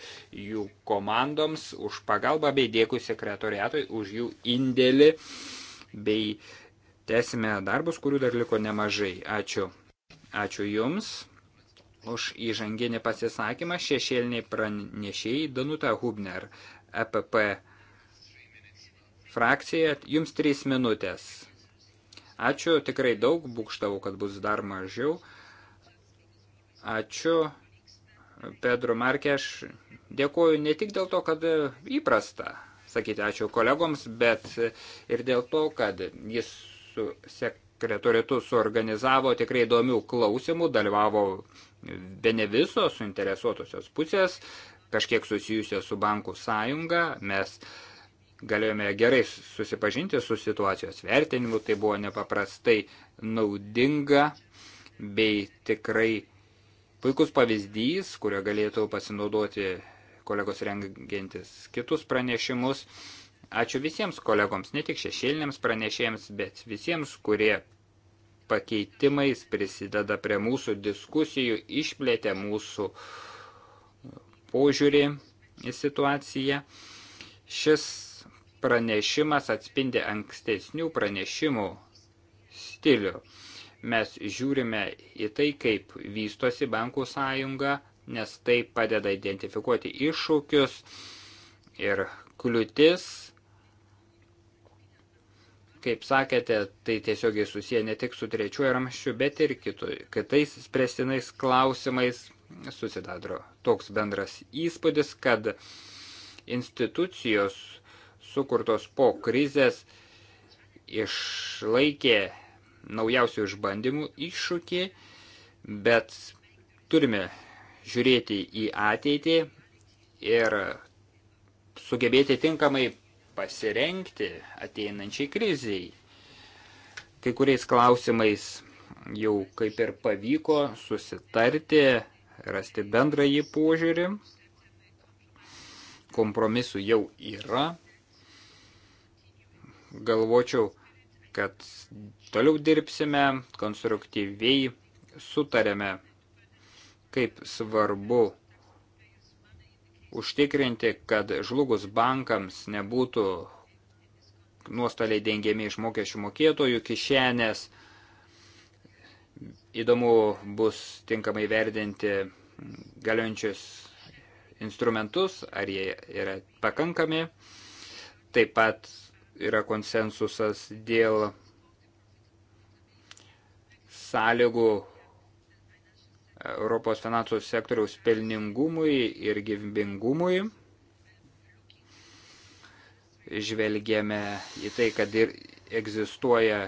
jų komandoms už pagalbą, bei dėkui sekretoriatui už jų indėlį, bei tęsime darbus, kurių dar liko nemažai. Ačiū. Ačiū Jums už įžanginį pasisakymą. Šešėliniai pranešėjai Danuta Hubner, EPP frakcija. Jums trys minutės. Ačiū tikrai daug, būkštavau, kad bus dar mažiau. Ačiū Pedro Markeš. Dėkuoju ne tik dėl to, kad įprasta sakyti ačiū kolegoms, bet ir dėl to, kad jis su sekretoritu suorganizavo tikrai įdomių klausimų, dalyvavo be ne visos suinteresuotosios pusės, kažkiek susijusios su bankų sąjunga. Mes uh, galėjome gerai susipažinti su situacijos vertinimu, tai buvo nepaprastai naudinga bei tikrai puikus pavyzdys, kurio galėtų pasinaudoti kolegos rengiantis kitus pranešimus. Ačiū visiems kolegoms, ne tik šešėlinėms pranešėjams, bet visiems, kurie pakeitimais prisideda prie mūsų diskusijų, išplėtė mūsų požiūrį į situaciją. Šis pranešimas atspindi ankstesnių pranešimų stilių. Mes žiūrime į tai, kaip vystosi bankų sąjunga, nes tai padeda identifikuoti iššūkius ir kliūtis. Kaip sakėte, tai tiesiogiai susiję ne tik su trečiuoju ramščiu, bet ir kitu, kitais spręstinais klausimais susidadro toks bendras įspūdis, kad institucijos sukurtos po krizės išlaikė naujausių išbandymų iššūkį, bet turime žiūrėti į ateitį ir sugebėti tinkamai pasirenkti ateinančiai kriziai. Kai kuriais klausimais jau kaip ir pavyko susitarti, rasti bendrąjį požiūrį. Kompromisų jau yra, galvočiau, kad toliau dirbsime, konstruktyviai sutarėme, kaip svarbu užtikrinti, kad žlugus bankams nebūtų nuostoliai dengiami iš mokesčių mokėtojų kišenės. Įdomu bus tinkamai verdinti galiojančius instrumentus, ar jie yra pakankami. Taip pat yra konsensusas dėl sąlygų Europos finansų sektoriaus pelningumui ir gyvybingumui. Žvelgėme į tai, kad ir egzistuoja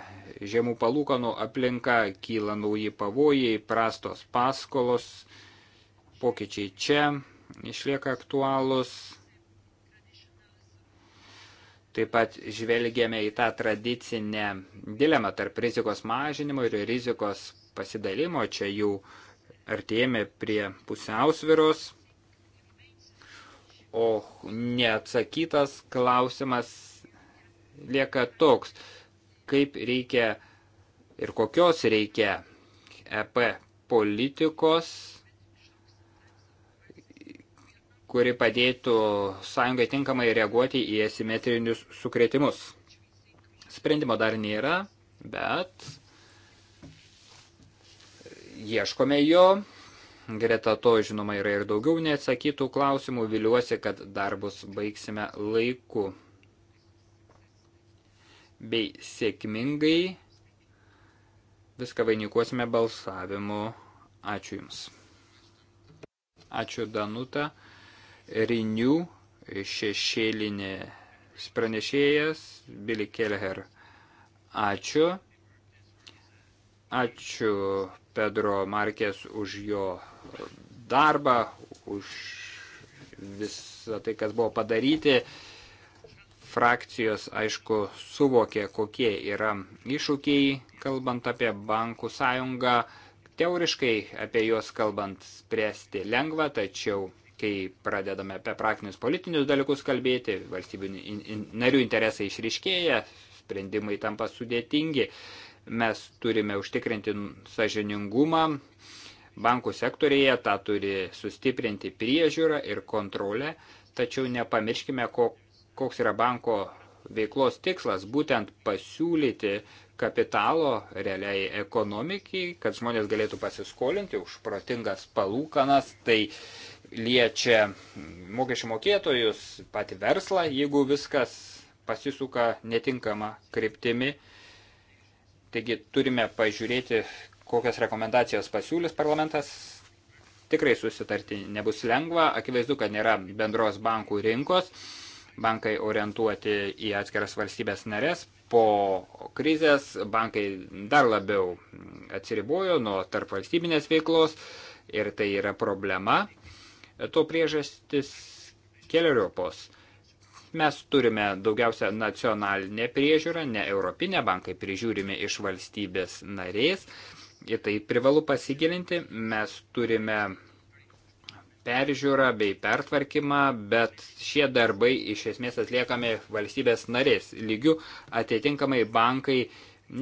žemų palūkanų aplinka, kyla nauji pavojai, prastos paskolos, pokyčiai čia išlieka aktualūs Taip pat žvelgėme į tą tradicinę dilemą tarp rizikos mažinimo ir rizikos pasidalimo. Čia jau artėjame prie pusiausviros. O neatsakytas klausimas lieka toks, kaip reikia ir kokios reikia EP politikos kuri padėtų sąjungai tinkamai reaguoti į asimetrinius sukretimus. Sprendimo dar nėra, bet ieškome jo. Greta to, žinoma, yra ir daugiau neatsakytų klausimų. Viliuosi, kad darbus baigsime laiku bei sėkmingai viską vainikuosime balsavimu. Ačiū Jums. Ačiū Danuta. Renew šešėlinės pranešėjas Billy Kelleher. Ačiū. Ačiū Pedro Markės už jo darbą, už visą tai, kas buvo padaryti. Frakcijos, aišku, suvokė, kokie yra iššūkiai, kalbant apie bankų sąjungą. Teoriškai apie juos kalbant spręsti lengva, tačiau kai pradedame apie praktinius politinius dalykus kalbėti, valstybių in, in, narių interesai išriškėja, sprendimai tampa sudėtingi, mes turime užtikrinti sažiningumą, bankų sektorėje tą turi sustiprinti priežiūrą ir kontrolę, tačiau nepamirškime, ko, koks yra banko veiklos tikslas būtent pasiūlyti kapitalo realiai ekonomikai, kad žmonės galėtų pasiskolinti už protingas palūkanas, tai liečia mokesčių mokėtojus, patį verslą, jeigu viskas pasisuka netinkama kryptimi. Taigi turime pažiūrėti, kokias rekomendacijas pasiūlys parlamentas. Tikrai susitarti nebus lengva, akivaizdu, kad nėra bendros bankų rinkos. Bankai orientuoti į atskiras valstybės narės. Po krizės bankai dar labiau atsiribojo nuo tarp valstybinės veiklos ir tai yra problema. To priežastis keliariopos. Mes turime daugiausia nacionalinę priežiūrą, ne europinę bankai prižiūrimi iš valstybės narės. Į tai privalu pasigilinti. Mes turime peržiūrą bei pertvarkymą, bet šie darbai iš esmės atliekami valstybės narės lygių. Atitinkamai bankai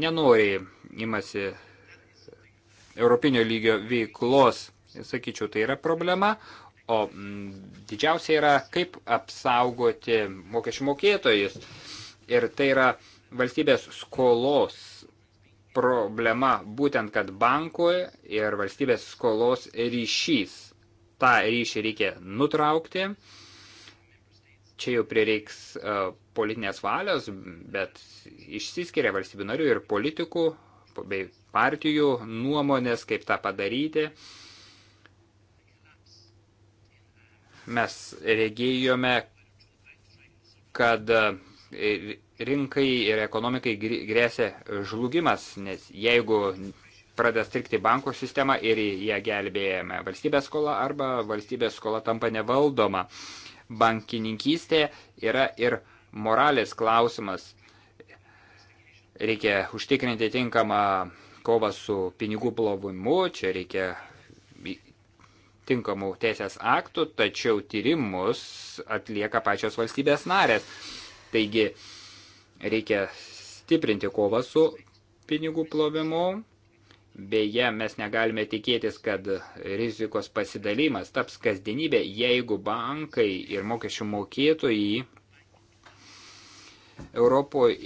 nenori imasi europinio lygio veiklos. Sakyčiau, tai yra problema, O mm, didžiausia yra, kaip apsaugoti mokesčių mokėtojus. Ir tai yra valstybės skolos problema, būtent kad bankų ir valstybės skolos ryšys. Ta ryšį reikia nutraukti. Čia jau prireiks uh, politinės valios, bet išsiskiria valstybių narių ir politikų bei partijų nuomonės, kaip tą padaryti. Uh, Mes regėjome, kad e, rinkai ir ekonomikai grėsia žlugimas, nes jeigu pradeda strikti bankų sistemą ir ją gelbėjame valstybės skola arba valstybės skola tampa nevaldoma. Bankininkystė yra ir moralės klausimas. Reikia užtikrinti tinkamą kovą su pinigų plovimu, čia reikia tinkamų teisės aktų, tačiau tyrimus atlieka pačios valstybės narės. Taigi reikia stiprinti kovą su pinigų plovimu. Beje, mes negalime tikėtis, kad rizikos pasidalymas taps kasdienybė, jeigu bankai ir mokesčių mokėtojai Europoje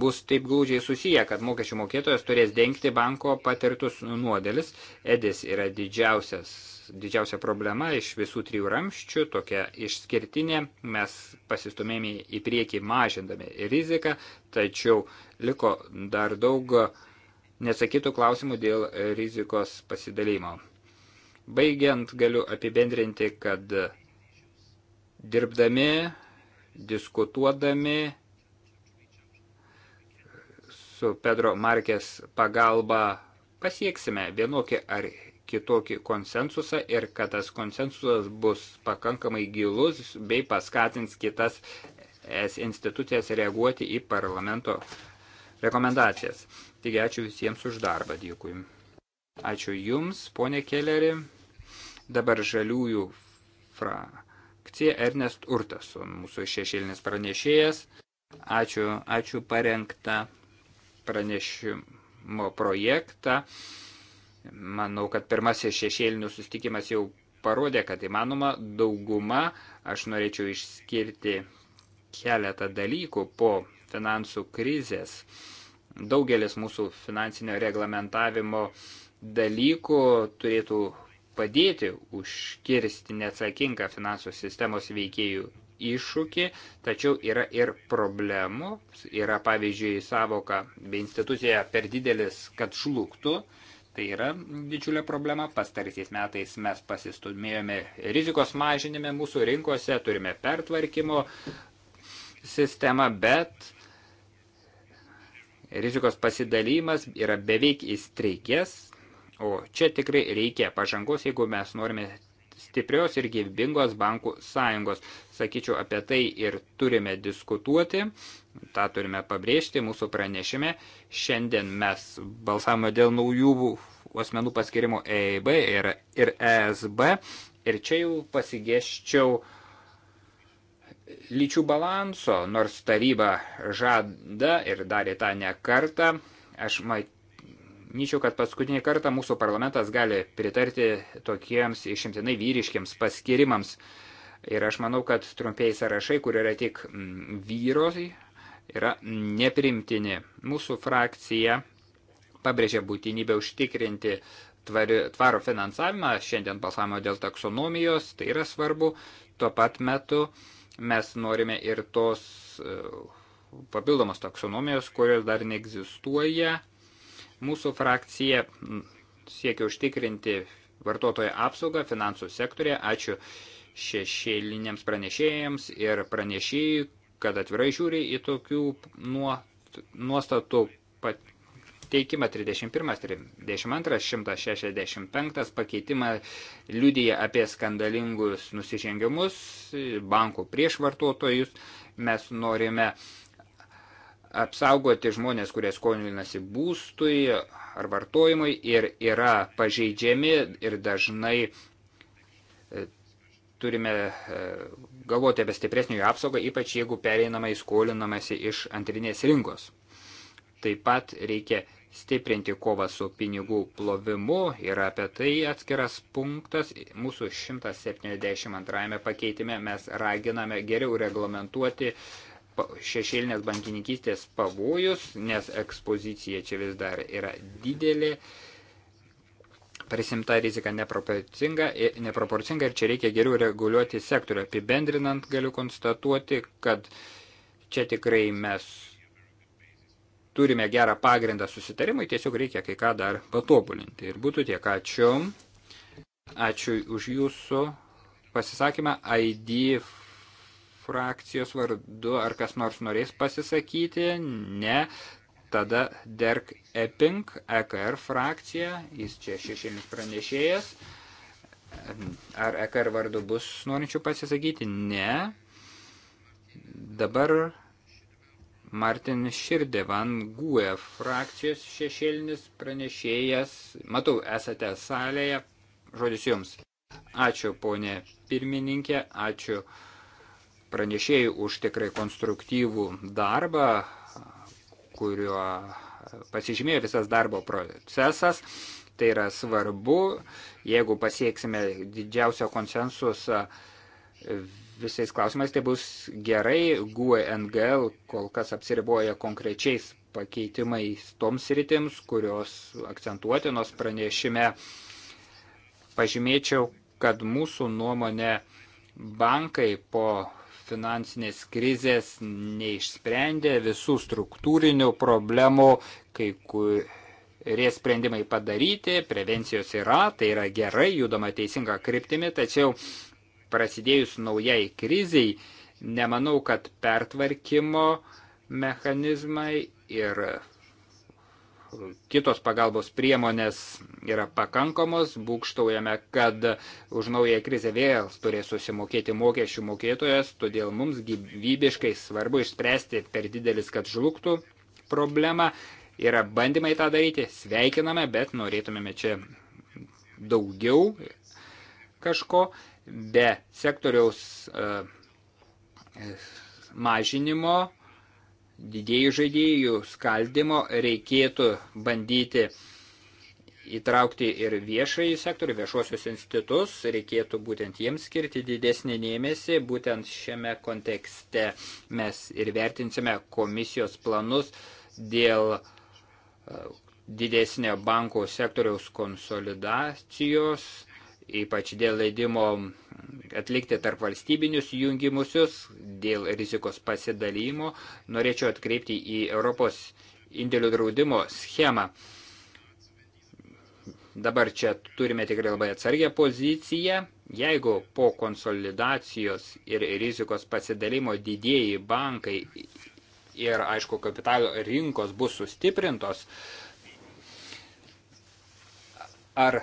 bus taip glaudžiai susiję, kad mokesčių mokėtojas turės dengti banko patirtus nuodėlis. Edis yra didžiausias, didžiausia problema iš visų trijų ramščių, tokia išskirtinė. Mes pasistumėme į priekį mažindami riziką, tačiau liko dar daug nesakytų klausimų dėl rizikos pasidalymo. Baigiant, galiu apibendrinti, kad dirbdami, diskutuodami, su Pedro Markės pagalba pasieksime vienokį ar kitokį konsensusą ir kad tas konsensusas bus pakankamai gilus bei paskatins kitas es institucijas reaguoti į parlamento rekomendacijas. Taigi ačiū visiems už darbą, dėkui. Ačiū Jums, ponė Keleri. Dabar žaliųjų frakcija Ernest Urtas, mūsų šešėlinis pranešėjas. Ačiū, ačiū parengta pranešimo projektą. Manau, kad pirmasis šešėlinių sustikimas jau parodė, kad įmanoma dauguma. Aš norėčiau išskirti keletą dalykų po finansų krizės. Daugelis mūsų finansinio reglamentavimo dalykų turėtų padėti užkirsti neatsakingą finansų sistemos veikėjų iššūkį, tačiau yra ir problemų. Yra pavyzdžiui savoka bei institucija per didelis, kad šlugtų. Tai yra didžiulė problema. Pastarysiais metais mes pasistumėjome rizikos mažinime mūsų rinkose, turime pertvarkymo sistemą, bet rizikos pasidalymas yra beveik įstreikęs, o čia tikrai reikia pažangos, jeigu mes norime stiprios ir gyvybingos bankų sąjungos. Sakyčiau, apie tai ir turime diskutuoti, tą turime pabrėžti mūsų pranešime. Šiandien mes balsavome dėl naujų asmenų paskirimo EIB ir, ir ESB ir čia jau pasigėščiau lyčių balanso, nors taryba žada ir darė tą ne kartą. Aš mat, Manyčiau, kad paskutinį kartą mūsų parlamentas gali pritarti tokiems išimtinai vyriškiams paskirimams. Ir aš manau, kad trumpiai sąrašai, kur yra tik mm, vyrosi, yra neprimtini. Mūsų frakcija pabrėžia būtinybę užtikrinti tvari, tvaro finansavimą. Šiandien balsavimo dėl taksonomijos, tai yra svarbu. Tuo pat metu mes norime ir tos e, papildomos taksonomijos, kurios dar neegzistuoja. Mūsų frakcija siekia užtikrinti vartotojo apsaugą finansų sektorė. Ačiū šešėliniams pranešėjams ir pranešėjai, kad atvirai žiūri į tokių nuostatų pateikimą 31, 32, 165 pakeitimą liudyje apie skandalingus nusižengimus bankų prieš vartotojus. Mes norime apsaugoti žmonės, kurie skolinasi būstui ar vartojimui ir yra pažeidžiami ir dažnai e, turime e, galvoti apie stipresnį jų apsaugą, ypač jeigu pereinama į skolinamasi iš antrinės rinkos. Taip pat reikia stiprinti kovą su pinigų plovimu ir apie tai atskiras punktas. Mūsų 172 pakeitime mes raginame geriau reglamentuoti uh, šešėlinės bankininkystės pavojus, nes ekspozicija čia vis dar yra didelė, prisimta rizika neproporcinga, neproporcinga ir čia reikia geriau reguliuoti sektorių. Apibendrinant galiu konstatuoti, kad čia tikrai mes turime gerą pagrindą susitarimui, tiesiog reikia kai ką dar patobulinti. Ir būtų tiek, ačiū. Ačiū už jūsų pasisakymą. ID frakcijos vardu, ar kas nors norės pasisakyti? Ne. Tada Derk Epping, EKR frakcija, jis čia šešėlis pranešėjas. Ar EKR vardu bus norinčių pasisakyti? Ne. Dabar Martin Širdevan Gue frakcijos šešėlinis pranešėjas. Matau, esate salėje. Žodis jums. Ačiū, ponė pirmininkė, ačiū pranešėjai už tikrai konstruktyvų darbą, kuriuo pasižymėjo visas darbo procesas. Tai yra svarbu, jeigu pasieksime didžiausio konsensusą visais klausimais, tai bus gerai. GUE NGL kol kas apsiriboja konkrečiais pakeitimais toms rytims, kurios akcentuotinos pranešime. Pažymėčiau, kad mūsų nuomonė bankai po finansinės krizės neišsprendė visų struktūrinių problemų, kai kurie sprendimai padaryti, prevencijos yra, tai yra gerai, judama teisinga kryptimi, tačiau prasidėjus naujai kriziai, nemanau, kad pertvarkymo mechanizmai ir kitos pagalbos priemonės yra pakankamos, būkštaujame, kad už naują krizę vėl turės susimokėti mokesčių mokėtojas, todėl mums gyvybiškai svarbu išspręsti per didelis, kad žlugtų problemą. Yra bandymai tą daryti, sveikiname, bet norėtumėme čia daugiau kažko be sektoriaus e, mažinimo didėjų žaidėjų skaldimo reikėtų bandyti įtraukti ir viešąjį sektorių, viešuosius institutus, reikėtų būtent jiems skirti didesnį dėmesį. Būtent šiame kontekste mes ir vertinsime komisijos planus dėl e, didesnio bankų sektoriaus konsolidacijos, ypač dėl leidimo atlikti tarp valstybinius jungimusius dėl rizikos pasidalymo, norėčiau atkreipti į Europos indėlių draudimo schemą. Dabar čia turime tikrai labai atsargę poziciją. Jeigu po konsolidacijos ir rizikos pasidalimo didėjai bankai ir, aišku, kapitalo rinkos bus sustiprintos, ar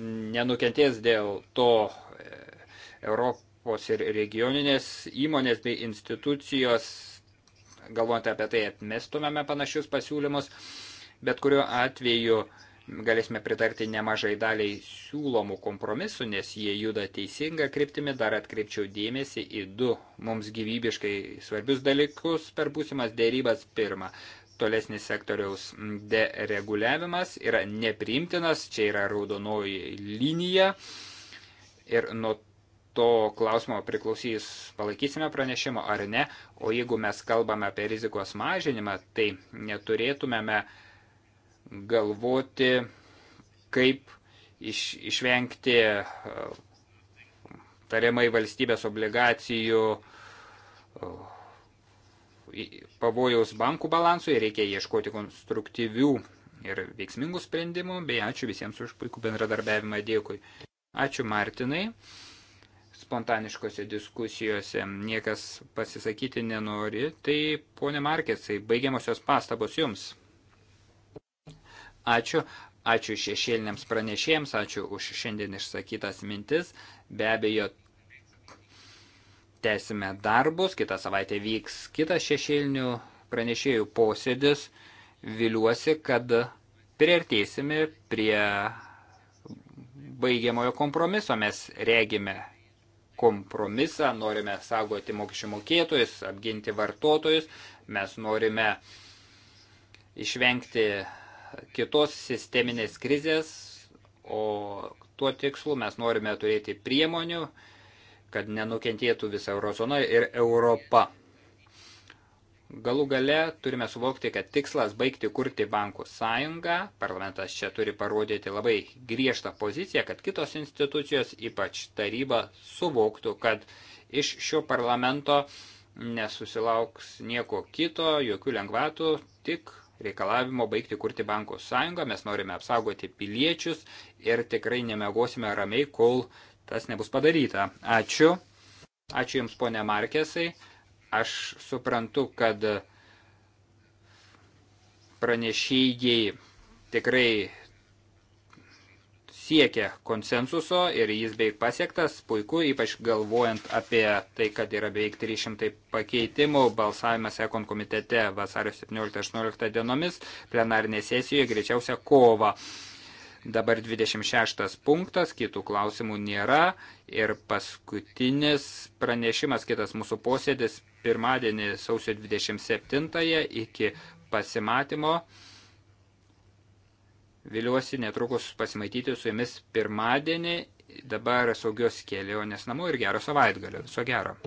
nenukentės dėl to Europos ir regioninės įmonės bei institucijos, galvojant apie tai, atmestumėme panašius pasiūlymus, bet kuriuo atveju galėsime pritarti nemažai daliai siūlomų kompromisų, nes jie juda teisinga kryptimi. Dar atkreipčiau dėmesį į du mums gyvybiškai svarbius dalykus per būsimas dėrybas. Pirma, tolesnis sektoriaus dereguliavimas yra nepriimtinas, čia yra raudonoji linija. Ir nuo to klausimo priklausys, palaikysime pranešimą ar ne, o jeigu mes kalbame apie rizikos mažinimą, tai neturėtumėme galvoti, kaip iš, išvengti e, tariamai valstybės obligacijų e, pavojaus bankų balansui, reikia ieškoti konstruktyvių ir veiksmingų sprendimų, bei ačiū visiems už puikų bendradarbiavimą, dėkui. Ačiū Martinai spontaniškose diskusijose niekas pasisakyti nenori, tai ponė Markėsai, baigiamosios pastabos jums. Ačiū, ačiū šešėliniams pranešėjams, ačiū už šiandien išsakytas mintis. Be abejo, tęsime darbus, kitą savaitę vyks kitas šešėlinių pranešėjų posėdis. Viliuosi, kad priartėsime prie baigiamojo kompromiso mes regime kompromisą, norime saugoti mokesčių mokėtojus, apginti vartotojus, mes norime išvengti kitos sisteminės krizės, o tuo tikslu mes norime turėti priemonių, kad nenukentėtų visa eurozona ir Europa. Galų gale turime suvokti, kad tikslas baigti kurti bankų sąjungą, parlamentas čia turi parodyti labai griežtą poziciją, kad kitos institucijos, ypač taryba, suvoktų, kad iš šio parlamento nesusilauks nieko kito, jokių lengvatų, tik reikalavimo baigti kurti bankų sąjungą, mes norime apsaugoti piliečius ir tikrai nemegosime ramiai, kol tas nebus padaryta. Ačiū. Ačiū Jums, ponė Markesai. Aš suprantu, kad pranešėjai tikrai siekia konsensuso ir jis beveik pasiektas, puiku, ypač galvojant apie tai, kad yra beveik 300 pakeitimų, balsavimas Ekon komitete vasario 17-18 dienomis, plenarinė sesijoje greičiausia kova. Dabar 26 punktas, kitų klausimų nėra ir paskutinis pranešimas, kitas mūsų posėdis pirmadienį sausio 27-ąją iki pasimatymo. Viliuosi netrukus pasimaityti su jumis pirmadienį. Dabar saugios kelionės namo ir gero savaitgalio. Viso gero.